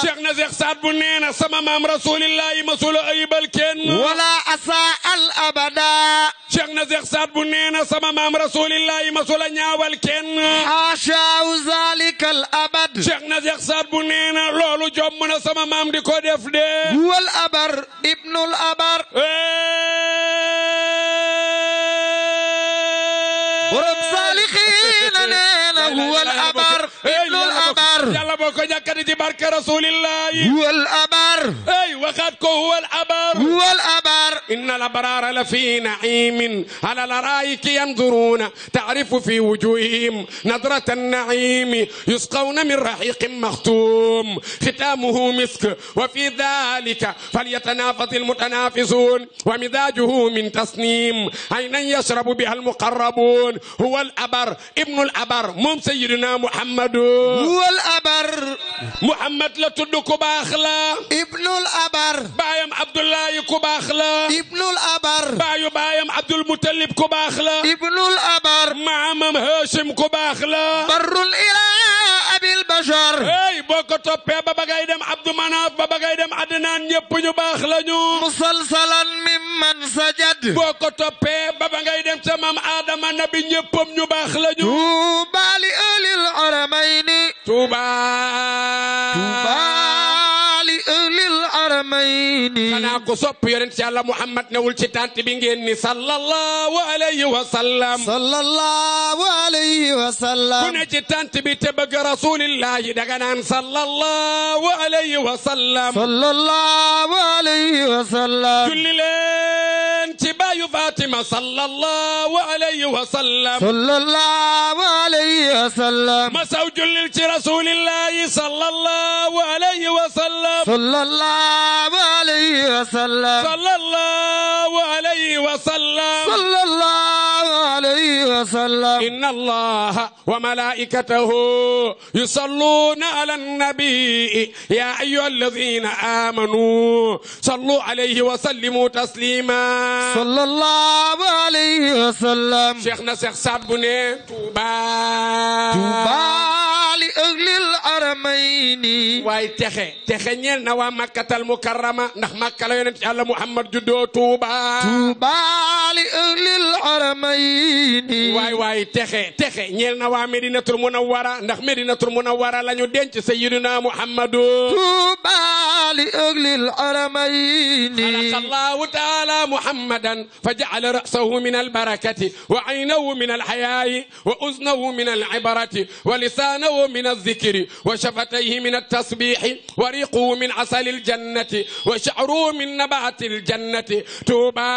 شيخنا شيخ سعد بني سما مام رسول الله مسول ايبل كن ولا اساء الابدا شيخنا شيخ سعد بني سما مام رسول الله مسول نياول كن حاشا ذلك الابد شيخنا شيخ سعد بني لولو جوم سما مام دي ko def de huwal abar ibnul abar huwa al abar ibnul abar yàlla boo ko ñàkkati ci barke rasulillahi huwa al abar ay waxaat ko huwa al abar huwa al abar inna al abrara la fi naimin ala laraiki yanzuruna taarifu fi wujuhihim nadrata annaimi yusqawna min rahiqin maxtum xitaamuhu misk wa fi dalika falyatanafasi almutanafisuun wa midaajuhu min tasnim aynan yashrabu biha almuqarrabun huwa al abar ibnul abar moom moom sayyidina Muhammadu wal abar Muhammad la tudd ku baax la ibnul abar baayam Abdullahi ku baax la ibnul abar baayu baayam Abdul Muttalib ku baax la ibnul abar maamam Hashim ku baax la barrul soo ko toppee ba bagay dem Abdou Manaf ba bagay dem Adnaan ñëpp ñu baax lañu musalsalan mimman sajad boo ko toppee ba bagay dem ca maam Adama nabi ñëppam ñu baax lañu tuuba li alil aramayni tuuba الحرمين xanaa ko sopp yonent yàlla Muhammad newul ci tant bi ngeen ni sallallahu alayhi wa sallam sallallahu alayhi wa sallam ku ne ci tant bi te bëgg rasulillahi daga naan sallallahu alayhi wa sallam sallallahu alayhi wa sallam julli leen ci baayu Fatima sallallahu alayhi wa sallam sallallahu alayhi wa sallam masaw jullil ci rasulillahi sallallahu alayhi wa sallam sallallahu عليه وسلم صلى الله عليه وسلم صلى الله عليه وسلم إن الله وملائكته يصلون على النبي يا أيها الذين آمنوا صلوا عليه وسلموا تسليما صلى الله عليه وسلم شيخنا شيخ سعد بني توبا توبا لأهل الحرمين واي تخي تخي نيل نوا مكة المكرمة mukarrama ndax Makka la yonent Yàlla Muhammad juddoo Touba. Touba li ahlil haramayni. waay waay texe texe ñeel na waa Medinatul Munawwara ndax Medinatul Munawwara la ñu denc sayyidina Muhammadu. Touba li ahlil haramayni. xalaqa Allahu taala Muhammadan fa ja'ala ra'sahu min albarakati wa aynahu min alhayaai wa uznahu min alibarati wa lisaanahu min alzikri wa shafatayhi min altasbihi wa riquhu min asali aljanna الجنة وشعروا من نبات الجنة توبى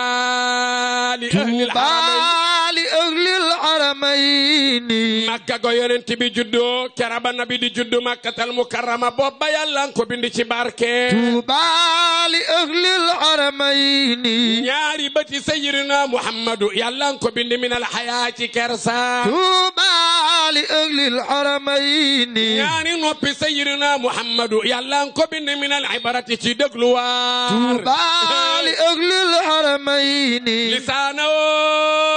لأهل الحرمين لأهل الحرمين مكة غيرنت بجدو كرب النبي دي جدو مكة المكرمة بابا يلا نكو بندي تباركي توبى لأهل الحرمين يا ربتي سيدنا محمد يلا نكو بندي من الحياة كرسا توبى li ahlil xaramayni ñaani noppi sayyidina Muhammadu yàlla ko bind min al ibarati ci dégluwaar tuuba li ahlil xaramayni lisaanoo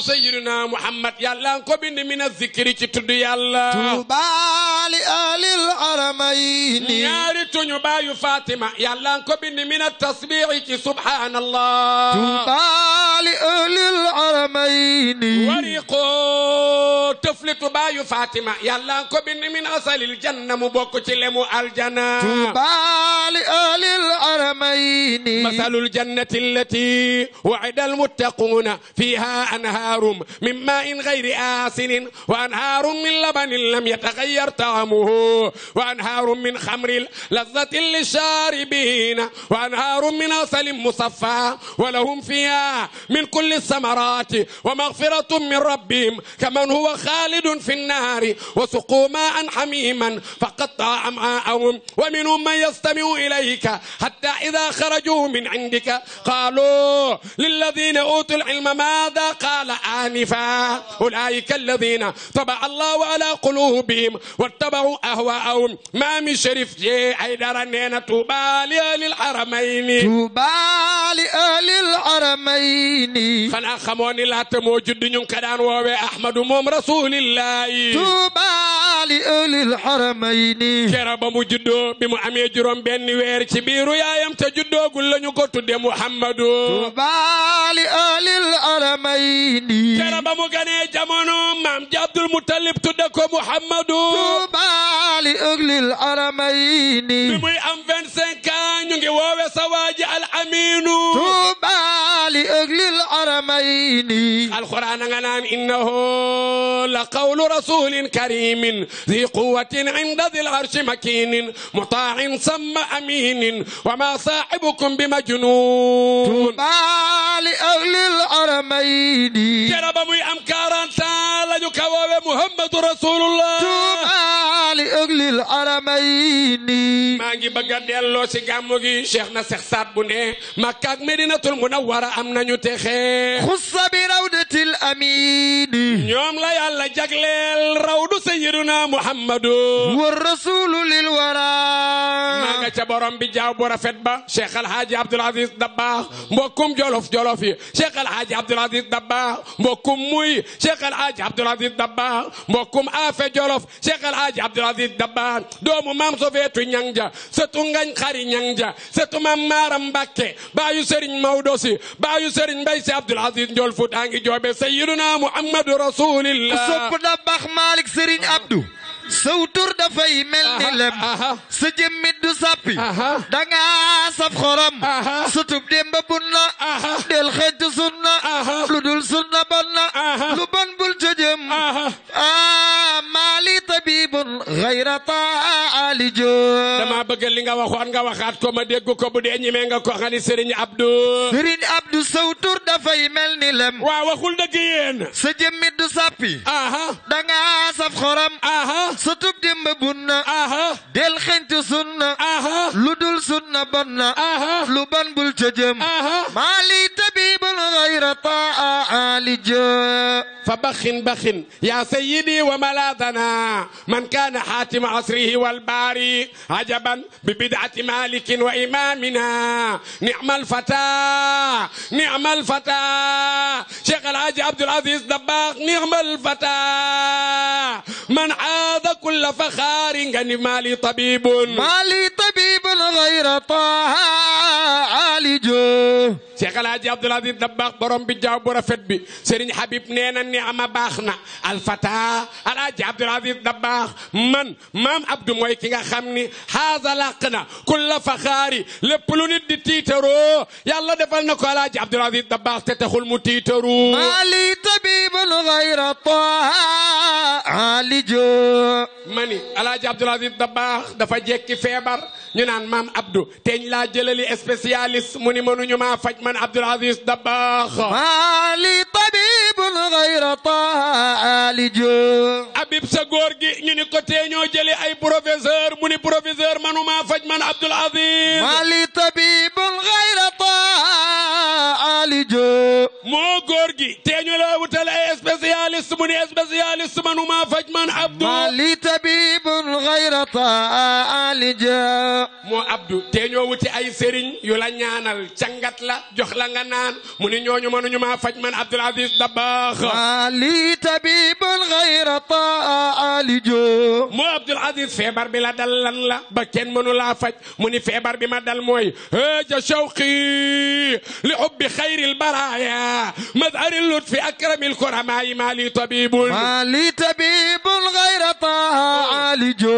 moom sayyiduna Muhammad yàlla nga ko bind min az-zikri ci tudd yàlla. Tuubaa li ahlil haramayni. ñaari tuñu baayu Fatima yàlla nga ko bind min at-tasbiix ci subhaanallah. Tuubaa li ahlil haramayni. wariqoo tëflitu baayu Fatima yàlla nga ko bind min asalil janna mu bokk ci lemu aljana. Tuubaa li ahlil haramayni. masalul jannati allati wa'ida al-muttaquuna fiihaa anhaar أنهار من ماء غير آسن وأنهار من لبن لم يتغير طعمه وأنهار من خمر لذة للشاربين وأنهار من عسل مصفى ولهم فيها من كل الثمرات ومغفرة من ربهم كمن هو خالد في النار وسقوا ماء حميما فقطع أمعاءهم ومنهم من يستمع إليك حتى إذا خرجوا من عندك قالوا للذين أوتوا العلم ماذا قال آنفا أولئك الذين طبع الله على قلوبهم واتبعوا أهواءهم ما من شريف جي أيدر نينا توبى لأهل الحرمين توبى لأهل الحرمين خنا خموني لا تموجد نيون كدان ووي أحمد موم رسول الله توبى لأهل الحرمين كرب مجدو بمو أمي جرم بني وير كبيرو يا يم تجدو قل لنيو قطو دي محمد توبى لأهل الحرمين lii kera ba mu ganee jamono maam ji Abdul Muttalib tudde ko Muhammadu tuuba li uglil aramayni bi muy am vingt-cinq diini alquraan nga naan innahu la qawlu rasuulin kariimin zi quwwatin inda zil arshi makiinin mutaa'in samma amiinin wa maa saahibukum bi majnuun tuubaa li ahlil haramayni jara ba muy am quarante ans lañu ko woowe muhammadu rasuulullah li ëglil aramayni maa ngi bëgg a delloo ci gàmmu gi cheikh na seex saat bu ne makka ak medinatul munawwara am nañu texe xussa bi rawdatil amini ñoom la yàlla jagleel rawdu sayyiduna muhammadu wa rasulu lil wara maa nga ca borom bi jaaw bu rafet ba cheikh alhaaji abdul aziz dabbaax mbokkum jolof jolof yi cheikh alhaaji abdul aziz dabbaax mbokkum muy cheikh alhaaji abdul aziz dabbaax mbokkum afe jolof cheikh alhaaji abdul Abdul Aziz Dabban doomu maam Sofeetu ñang ja sëtu ngañ xari ñang ja sëtu maam Maaram Mbàkke baayu Sëriñ Mawdo si baayu Sëriñ Mbay si Abdul Aziz Njool Fuuta ngi joobe sayyiduna Muhammadu Rasulillah sopp da bax Malik Sëriñ Abdu sawtur dafay mel ni lem sa jëmmit du sàppi danga saf xorom sutub démb bun la del xëcc sunna lu dul sunna bon na lu bon bul ca jëm maali tabibun xayra taali joo dama bëgg li nga waxoon nga waxaat ko ma dégg ko bu dee ñemee nga ko xani Serigne Abdou Serigne Abdou sawtur dafay mel ni lem waaw waxul dëgg yéen sa jëmmit du sutub dimba bunna aha del xeñtu sunna aha lu dul sunna banna aha lu ban bul ca jëm aha maali tabibun gayra taa alija fa baxin baxin ya sayyidi wa malaadana man kaana xaatima asrihi wal baari ajaban bi bid'ati malikin wa imamina ni'mal fata ni'mal fata cheikh alhaji abdul aziz dabbaax ni'mal fata man aada kull faxaari nga ni maali tabibun maali tabibun gayra taalijoo Cheikh Alaaji Abdul Aziz Dabakh bi jaaw bu rafet bi Serigne Habib nee na neexama baax na alfata Alaaji Abdul Aziz Dabakh man maam Abdou mooy ki nga xam ni xaasa làq na kulla fa lépp lu nit di tiitaroo yàlla defal na ko Alaaji Abdul Aziz Dabakh te taxul mu tiitaru ali tabibun gayra taha alijo mani ñu naan maam Abdou teñ man Abdul Aziz Dabakh maa li tabibun ghayra taalijo Habib sa góor gi ñu ni ko tee ñoo jële ay professeur mu ni professeur manuma faj man Abdul Aziz maa li tabibun ghayra taalijo moo góor gi tee ñu la wutal ay spécialiste mu ni spécialiste manuma faj man Abdul maa li tabibun ghayra taalijo moo Abdou tee ñoo wuti ay sëriñ yu la ñaanal cangat la jox la nga naan mu ni ñooñu mënuñu maa faj man Abdul Aziz Dabakh ali tabibun ghayra taalijo mu Abdul Aziz feebar bi la dal lan la ba kenn mënu laa faj mu ni feebar bi ma dal mooy haja shawqi li hubbi xayril baraaya mazharil lutfi akramil kuramaay ma li tabibun ma li tabibun ghayra taalijo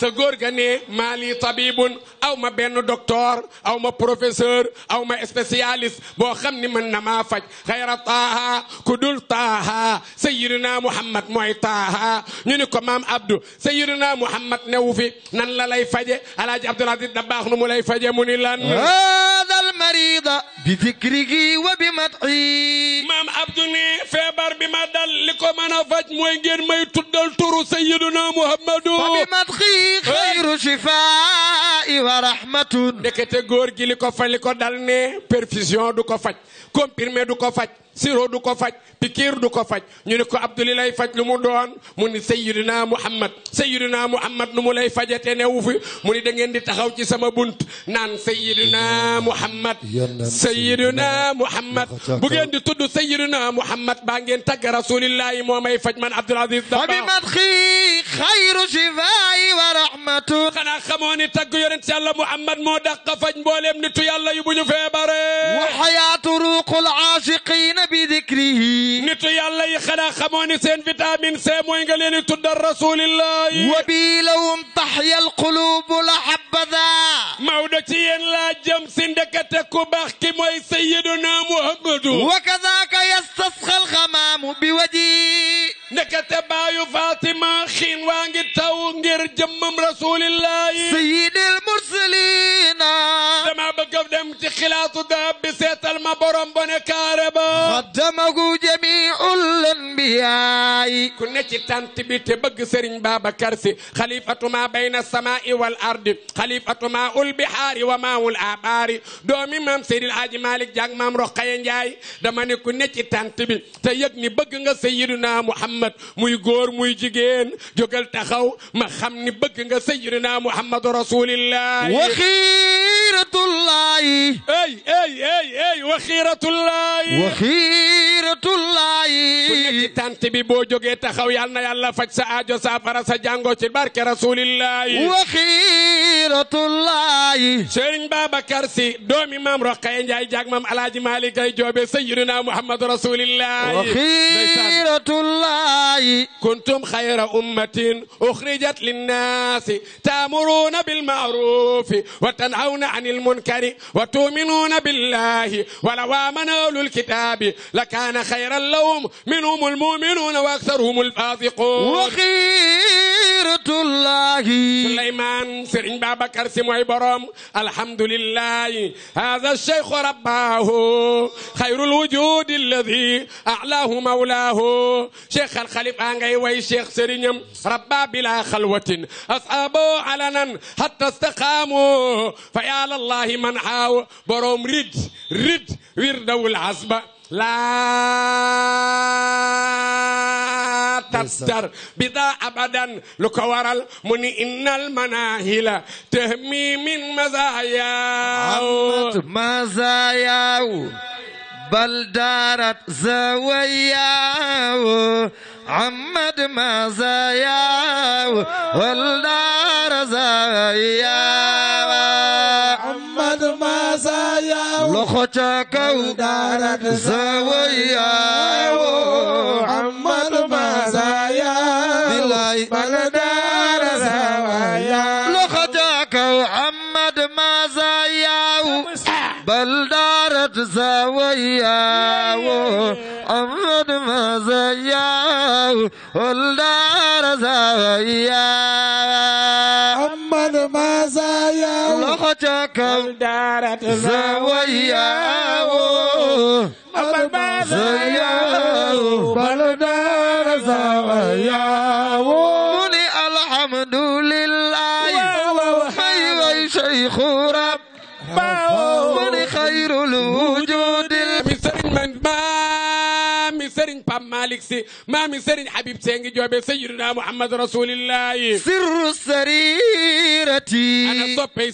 sa góor ga ne ma li tabibun aw ma benn docteur aw ma professeur aw ma spécialiste xaalis boo xam ni mën na maa faj xayra taaha ku dul taaha sayyidina muhammad mooy taaha ñu ni ko maam abdou sayyidina muhammad newu fi nan la lay faje alaaji abdul aziz dabaax nu mu lay faje mu ni lan hada al marida bi fikrigi wa bi mat ko mën a mooy ngeen may tuddal turu sayyiduna muhammadu fa bi madxi xayru shifaa'i wa rahmatun ndekete góor gi li ko faj li perfusion du ko faj comprimé du ko faj siro du ko faj pikiir du ko faj ñu ne ko abdu li lay faj lu mu doon mu ni sayyidina muhammad sayyidina muhammad nu mu lay fajate newu fi mu ni da ngeen di taxaw ci sama bunt naan sayyidina muhammad sayyidina muhammad bu ngeen di tudd sayyidina muhammad baa ngeen tagg rasulillahi moo may faj man abdul aziz da bi madxi xayru shifaa'i wa rahmatu xanaa xamoo ni tagg yonent yàlla muhammad moo dàq faj mbooleem nitu yàlla yu bu ñu feebare wa hayaatu ruuqul aashiqiina bi dikrihi nitu yàlla yi xanaa xamoo ni seen vitamine C mooy nga leen di tuddal rasulillah wa bi lawum taxya alqulubu la habada Maodo ci yéen laa jëm si ndekete ku baax ki mooy sayyiduna Muhammadu wa kadaka yastasqa alxamaamu bi waji ndekete baayu Fatima xiin waa ngi taw ngir jëmmam rasulillahi sayyidil mursalina dama bëgg dem ci xilaatu dahab bi seetal ma borom bone kaare ba xaddamahu jamiul anbiyaay ku ne ci tant bi te bëgg Serigne Babacar Sy xalifatuma bayna samaa'i wal ardi xalifatuma ul bihaari wa maawul abaari doomi maam Seydil Aji Malick Diak maam Roqaye Ndiaye dama ne ku ne ci bi te yëg ni bëgg nga Sayyiduna Muhammad muhammad muy góor muy jigéen jógal taxaw ma xam ni bëgg nga sayyidina muhammad rasulillah wa xiiratullahi ay ay ay ay wa xiiratullahi wa xiiratullahi ku nekk ci tànt bi boo jógee taxaw yal na yàlla faj sa aajo saafara sa jàngoo ci barke rasulillahi wa xiiratullahi Serigne Babacar Sy doomi maam Roqaye Njaay jaag maam Alaaji Maalik ay joobe sayyidina muhammad rasulillah sunnatullahi kuntum khayra ummatin ukhrijat linnasi ta'muruna bil ma'ruf wa tanhauna 'anil munkari wa tu'minuna billahi wa law amana ahlul kitabi lakana khayran lahum minhumul mu'minuna wa aktharuhumul fasiqun wa khiratullahi Suleymaan Sëriñ Babacar Si mooy borom alhamdulillahi hadha ash-shaykhu rabbahu khayrul wujudi alladhi a'lahu mawlahu asxaabo cheikh alxalif a ngay way cheikh sëriñam rabba bila xalwatin asxaabo alanan hatta staqaamu fa yaalallahi man aaw borom rid rid wirdawul asba laa tastar bida abadan lu ko waral mu ni innal manahila tahmi min mazayaaw mazayaaw بل دارت زوياه عمد ما زياه والدار زوياه عمد ما زياه لخو تاكو دارت زوياه عمد ما زياه بلاي بل دار زوياه لخو تاكو عمد ما زياه بل دار تساوياه أمد ما زياه والدار زاوياه أمد ما زياه لخجك والدار زاوياه أمد ما زياه والدار زاوياه Malick si maami Serigne Habib see ngi joobe sayyidina Muhammad rasulillahi sirru sarirati ana soppey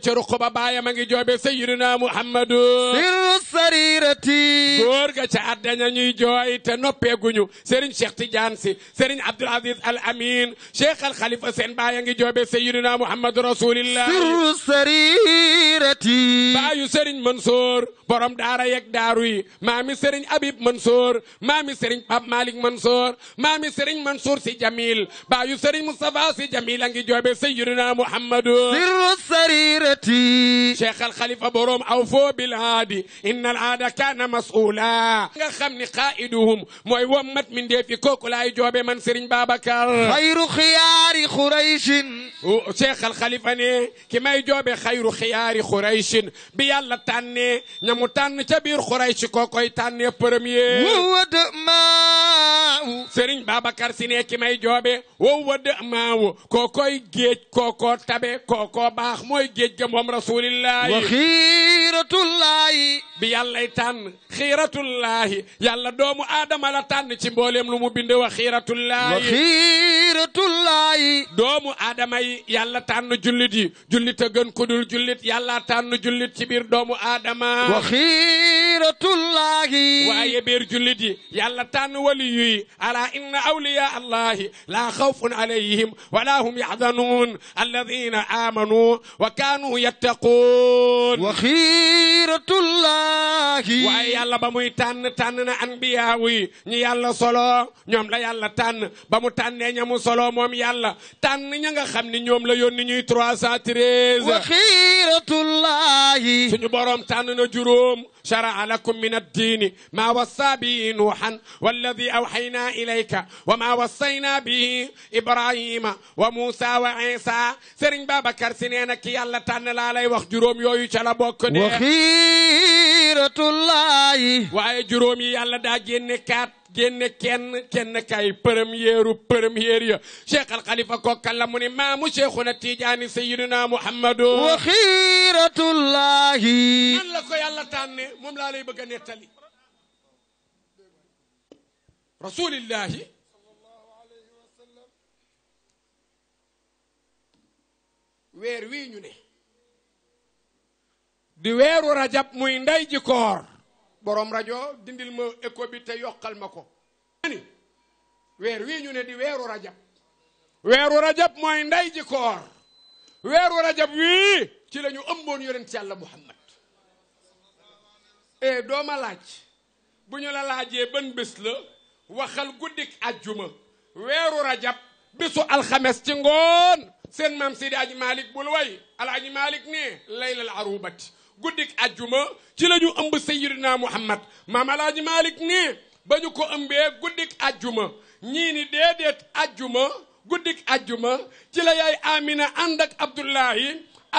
ca ruq ba a ngi joobe sayyidina Muhammadu sirru sarirati góor ga ca jooy te noppeeguñu Serigne Cheikh Tidiane si Serigne Abdoul Aziz Al a ngi joobe sayyidina Muhammad rasulillahi sirru sarirati baayu Serigne Mansour borom daara yeg daaru maami Serigne Habib Mansour maami Serigne Pape Malick Mansour maami Serigne Mansour si Jamil baayu Serigne Moustapha si Jamil a ngi joobe Sayyidina Muhammadu sirru sarirati Cheikh al Khalifa borom aw foo bil haadi inna al aada kaana mas'uula nga xam ni qaa'iduhum mooy wommat min deefi kooku laay joobe man Serigne Babacar xayru xiyaari xurayshin Cheikh al Khalifa ne ki may joobe xayru xiyaari xurayshin bi yàlla tànnee ñamu tànn ca biir xuraysh kookoy tànnee premier wëdd maawu sëriñ Babacar si ne ki may joobe wow wëdd maawu kookoy baax mooy géej ga moom rasuulillaahi wa xiiratullaahi bi yàllay tànn xiiratullaahi yàlla doomu aadama la tànn ci mbooleem lu mu bind wa xiiratullaahi aadama yi yàlla tànn jullit yi jullit a gën ku dul jullit yàlla tànn jullit ci biir doomu aadama wa waaye biir jullit jullit yi yàlla tànn waliyu yi ala inna awliya allahi laa xawfun alayhim wala hum yaxzanuun alladina amanu wa kaanu yattaquun wa xiiratullahi waaye yàlla ba muy tànn tànn na anbiyaawu yi ñu yàlla solo ñoom la yàlla tànn ba mu tànnee ñamu solo moom yàlla tànn ña nga xam ni ñoom la yónni ñuy 313 wa xiiratullahi suñu borom tànn na juróom شرع لكم من الدين ما وصى به نوحا والذي أوحينا إليك وما وصينا به إبراهيم وموسى وعيسى سرين بابا كرسينينا كي يالا تانا لا لي وخ جروم يوي شلا بوك waxi siiratullaahi waaye juróom yi daa génne kaat génne kay premièru première ya cheikh al xalifa kokka la mu ni maamu cheikhuna tijaani sayiduna muhammadu wa xiiratullaahi ko yàlla tànne moom laa a nettali rasulillahi weer wii ne di weeru rajab muy ndey ji koor rajo dindil ma écho bi te yokkal ma ko ani weer wii ne di weeru rajab weeru rajab mooy ndey ji weeru rajab wii ci la ñu ëmboon yonent yàlla muhammad e eh, dooma laaj bu ñu la laajee ban la waxal guddik ajuma weeru rajab bésu alxames ci ngoon seen maam sidi aji malik bul way al aji malik ne laylal arubati guddik ajjuma ci la ñu ëmb sayyidina muhammad maam alaaji malik ne ba ñu ko ëmbee guddik ajjuma ñii ni déedéet ajjuma guddik ajjuma ci la yaay amina ànd ak abdullahi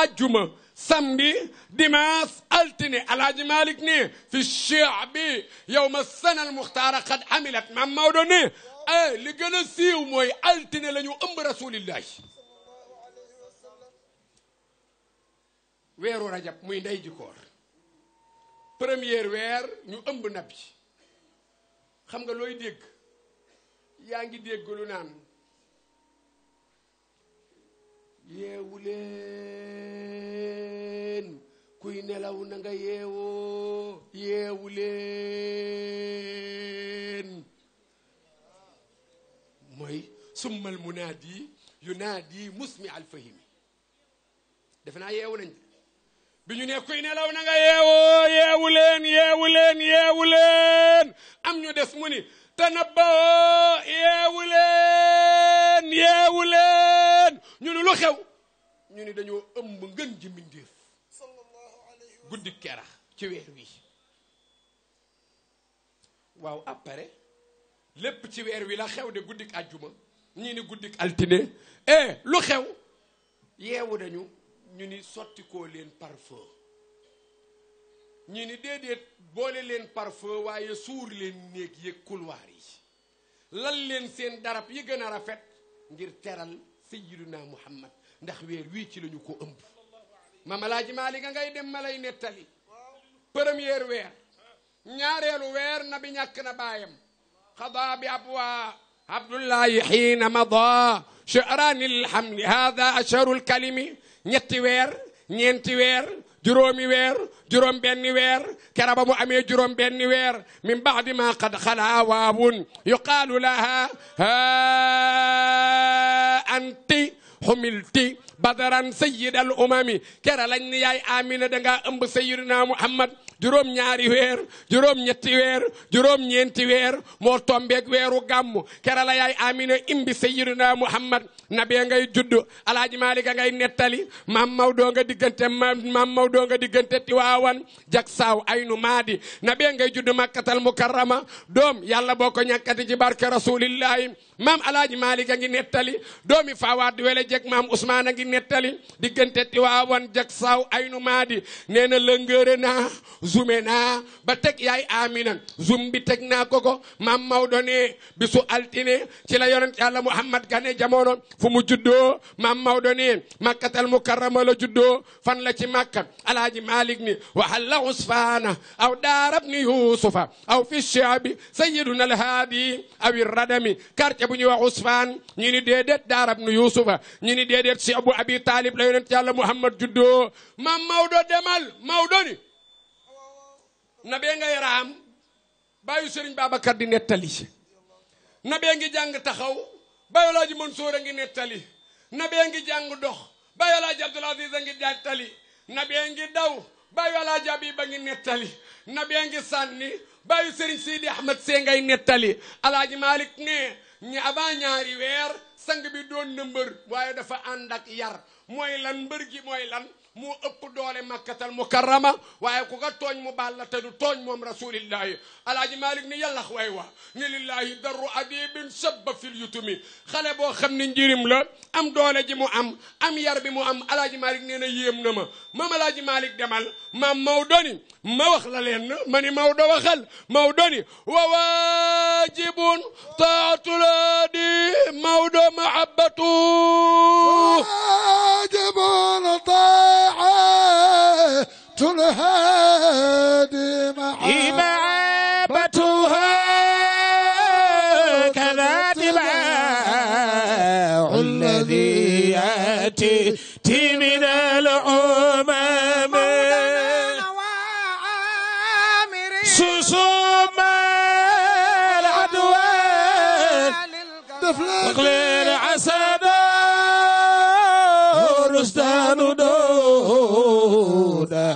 ajjuma samedi dimanche altine alaaji malik ne fi shi'bi yawma sana al muxtaara qad amilat maam mawdo ne eh, li gën siiw mooy altine la ñu ëmb rasulillahi weeru rajab muy ndey ji premier première weer ñu ëmb nabi xam nga looy dégg yaa ngi dégg lu naan yeewu leen kuy nelaw na nga yeewoo yeewu leen mooy summal munaadi yunaadi musmi alfahimi defe naa yeewu nañ bi ñu ne kuy nelaw na nga yeewoo yeewu leen yeewu leen yeewu leen am ñu des mu ni tanabbahoo yeewu leen yeewu leen ñu ni lu xew ñu ni dañoo ëmb ngën ji mbindéef guddi kera ci weer wi waaw après lépp ci weer wi la xew de guddik àjjuma ñii ni guddik altine eh lu xew yeewu dañu ñu ni sottikoo leen parfum ñu ni déedéet boole leen parfum waaye suur leen néeg yëg couloir yi lal leen seen darab yi gën a rafet ngir teral sayyiduna muhammad ndax weer wii ci lañu ko ëmb mama laaji maalik a ngay dem ma lay nettali premier weer ñaareelu weer na bi ñàkk na baayam xadaa bi abwa abdullahi xiina mada charaani lxamli hada asharu lkalimi ñetti weer ñeenti weer juróomi weer juróom benni weer kera ba mu amee juróom benni weer min baadi ma qad xalaa waawun yuqaalu laha ha anti humilti badaran sayid al umami kera lañ ni yaay amina dangaa ëmb sayidina muhammad juróom ñaari weer juróom ñetti weer juróom ñeenti weer moo tombeeg weeru gàmm kera la yaay amina imbi sayidina muhammad nabee ngay judd alaaji maalika ngay nettali maam mawdoo nga diggante maam mawdoo nga diggante tiwaawan jak saaw aynu maadi nabee ngay judd makkatal mukarrama doom yàlla boo ko ñàkkati ci barke rasulillahi maam alaaji maalika ngi nettali doomi faawaat wele jeg maam ousmane a ngi nettali diggante tiwaawan jak saaw aynu maadi nee na naa zume naa ba teg yaay amina zum bi teg naa koko ko maam mawdo ne bisu altine ci la yonent yàlla muhammad gane jamono fu mu juddoo maam Maodo nii makkatal mukarrama la juddoo fan la ci makka alaaji malik ni wa halla usfaana aw daarab ni yusufa aw fi shaabi sayyiduna alhaadi aw irradami quartier bu ñuy wax usfaan ñi ni déedéet daarab ni yusufa ñi ni déedéet si abu abi talib la yonent yàlla muhammad juddoo maam Maodo demal Maodo ni na bee ngay raam bàyyi sëriñ Babacar di nettali na bee ngi jàng taxaw bayolaaji Mansour a ngi nettali nabee ngi jàng dox bayolaaji Abdul Aziz a ngi nettali nabee ngi daw bayolaaji Habib ba ngi nettali nabee ngi sànni bayu Serigne Sidi Ahmed see ngay nettali alaaji Malick ne ñi avant ñaari weer sang bi doon na mbër waaye dafa ànd ak yar mooy lan mbër gi mooy lan moo ëpp doole makkatal mukarrama waaye ku nga tooñ mu baal la te du tooñ moom rasulillahi alaaji malik ni yàllax way waa ni lillahi darru adibin sabba fil yutumi boo xam ne njirim la am doole ji mu am am yar bi mu am alaaji malik nee na yéem na ma maam alaaji malik demal maam Maodo ni ma wax la leen ma ni Maodo waxal Maodo ni wa waajibun taatul adi Maodo mahabbatu waajibun هادي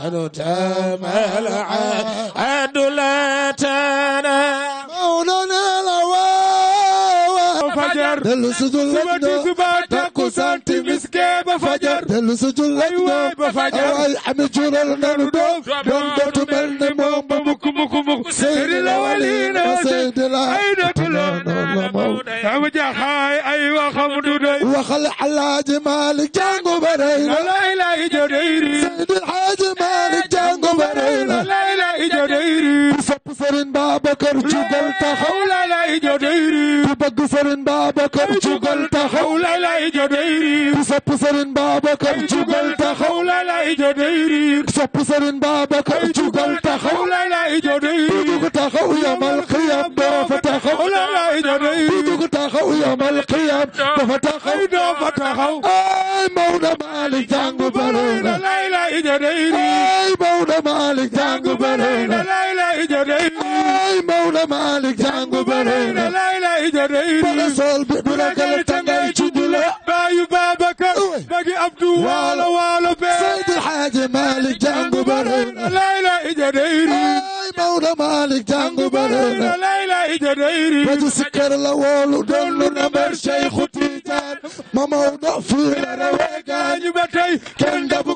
نحن تما العهد لا تنا مولانا لواء فجر دلسجل لجنة تكو سانتي مسكي بفجر دلسجل لجنة بفجر أي أمي جولال نردو دوم دوتو ملن موم بمك مك مك سيد الأولين وسيد الأولين أين تلون أمجا خاي أي وخمدو دي وخل على جمال جان Babacar jugal taxaw la lay jodeyri ku bëgg Serigne Babacar jugal taxaw la lay jodeyri ku sopp Serigne Babacar jugal taxaw la lay jodeyri ku sopp Serigne Babacar jugal taxaw la lay jodeyri ku dugg taxaw yamal xiyam doo fa taxaw la lay jodeyri ku dugg taxaw yamal xiyam doo fa taxaw doo fa taxaw ay Maodo Malick jàng bare na lay lay jodeyri ay Maodo Malick jàng bare na lay lay ay Maodo Malick jàngu bëree na lay lay jërëjëf. parasol bi du la gën a tàngaay ci du la. baayu Babacar. bagi Abdou waalo waalo bee. Seydi Hadji Malick jàngu bëree na lay lay jërëjëf. ay Maodo Malick jàngu bëree na lay lay jërëjëf. ba ci sikkar la woolu doon lu na mer Cheikh Tidiane. ma Maodo fii la rawee gaañu ba tey kenn dabu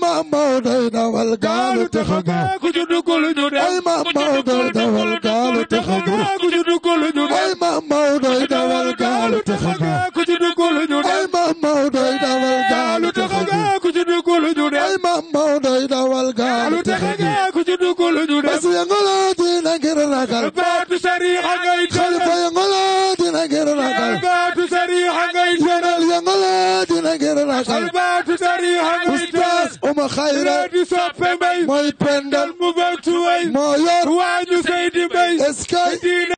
maam Maodo dawal gaalu texaga ku ci dugg lu ñu dem ay maam Maodo dawal gaalu texaga ku ci dugg lu ñu dem ay maam Maodo dawal gaalu texaga ku ci dugg lu ñu dem ay maam Maodo dawal gaalu texaga ku ci dugg lu ñu dem ay maam Maodo dawal gaalu texaga ku ci dugg lu ñu dem basu yangolo ci na ngir ragal uma xayra di soppe mbay mooy pendal mu bel tuway moo yor waañu Seydi Mbay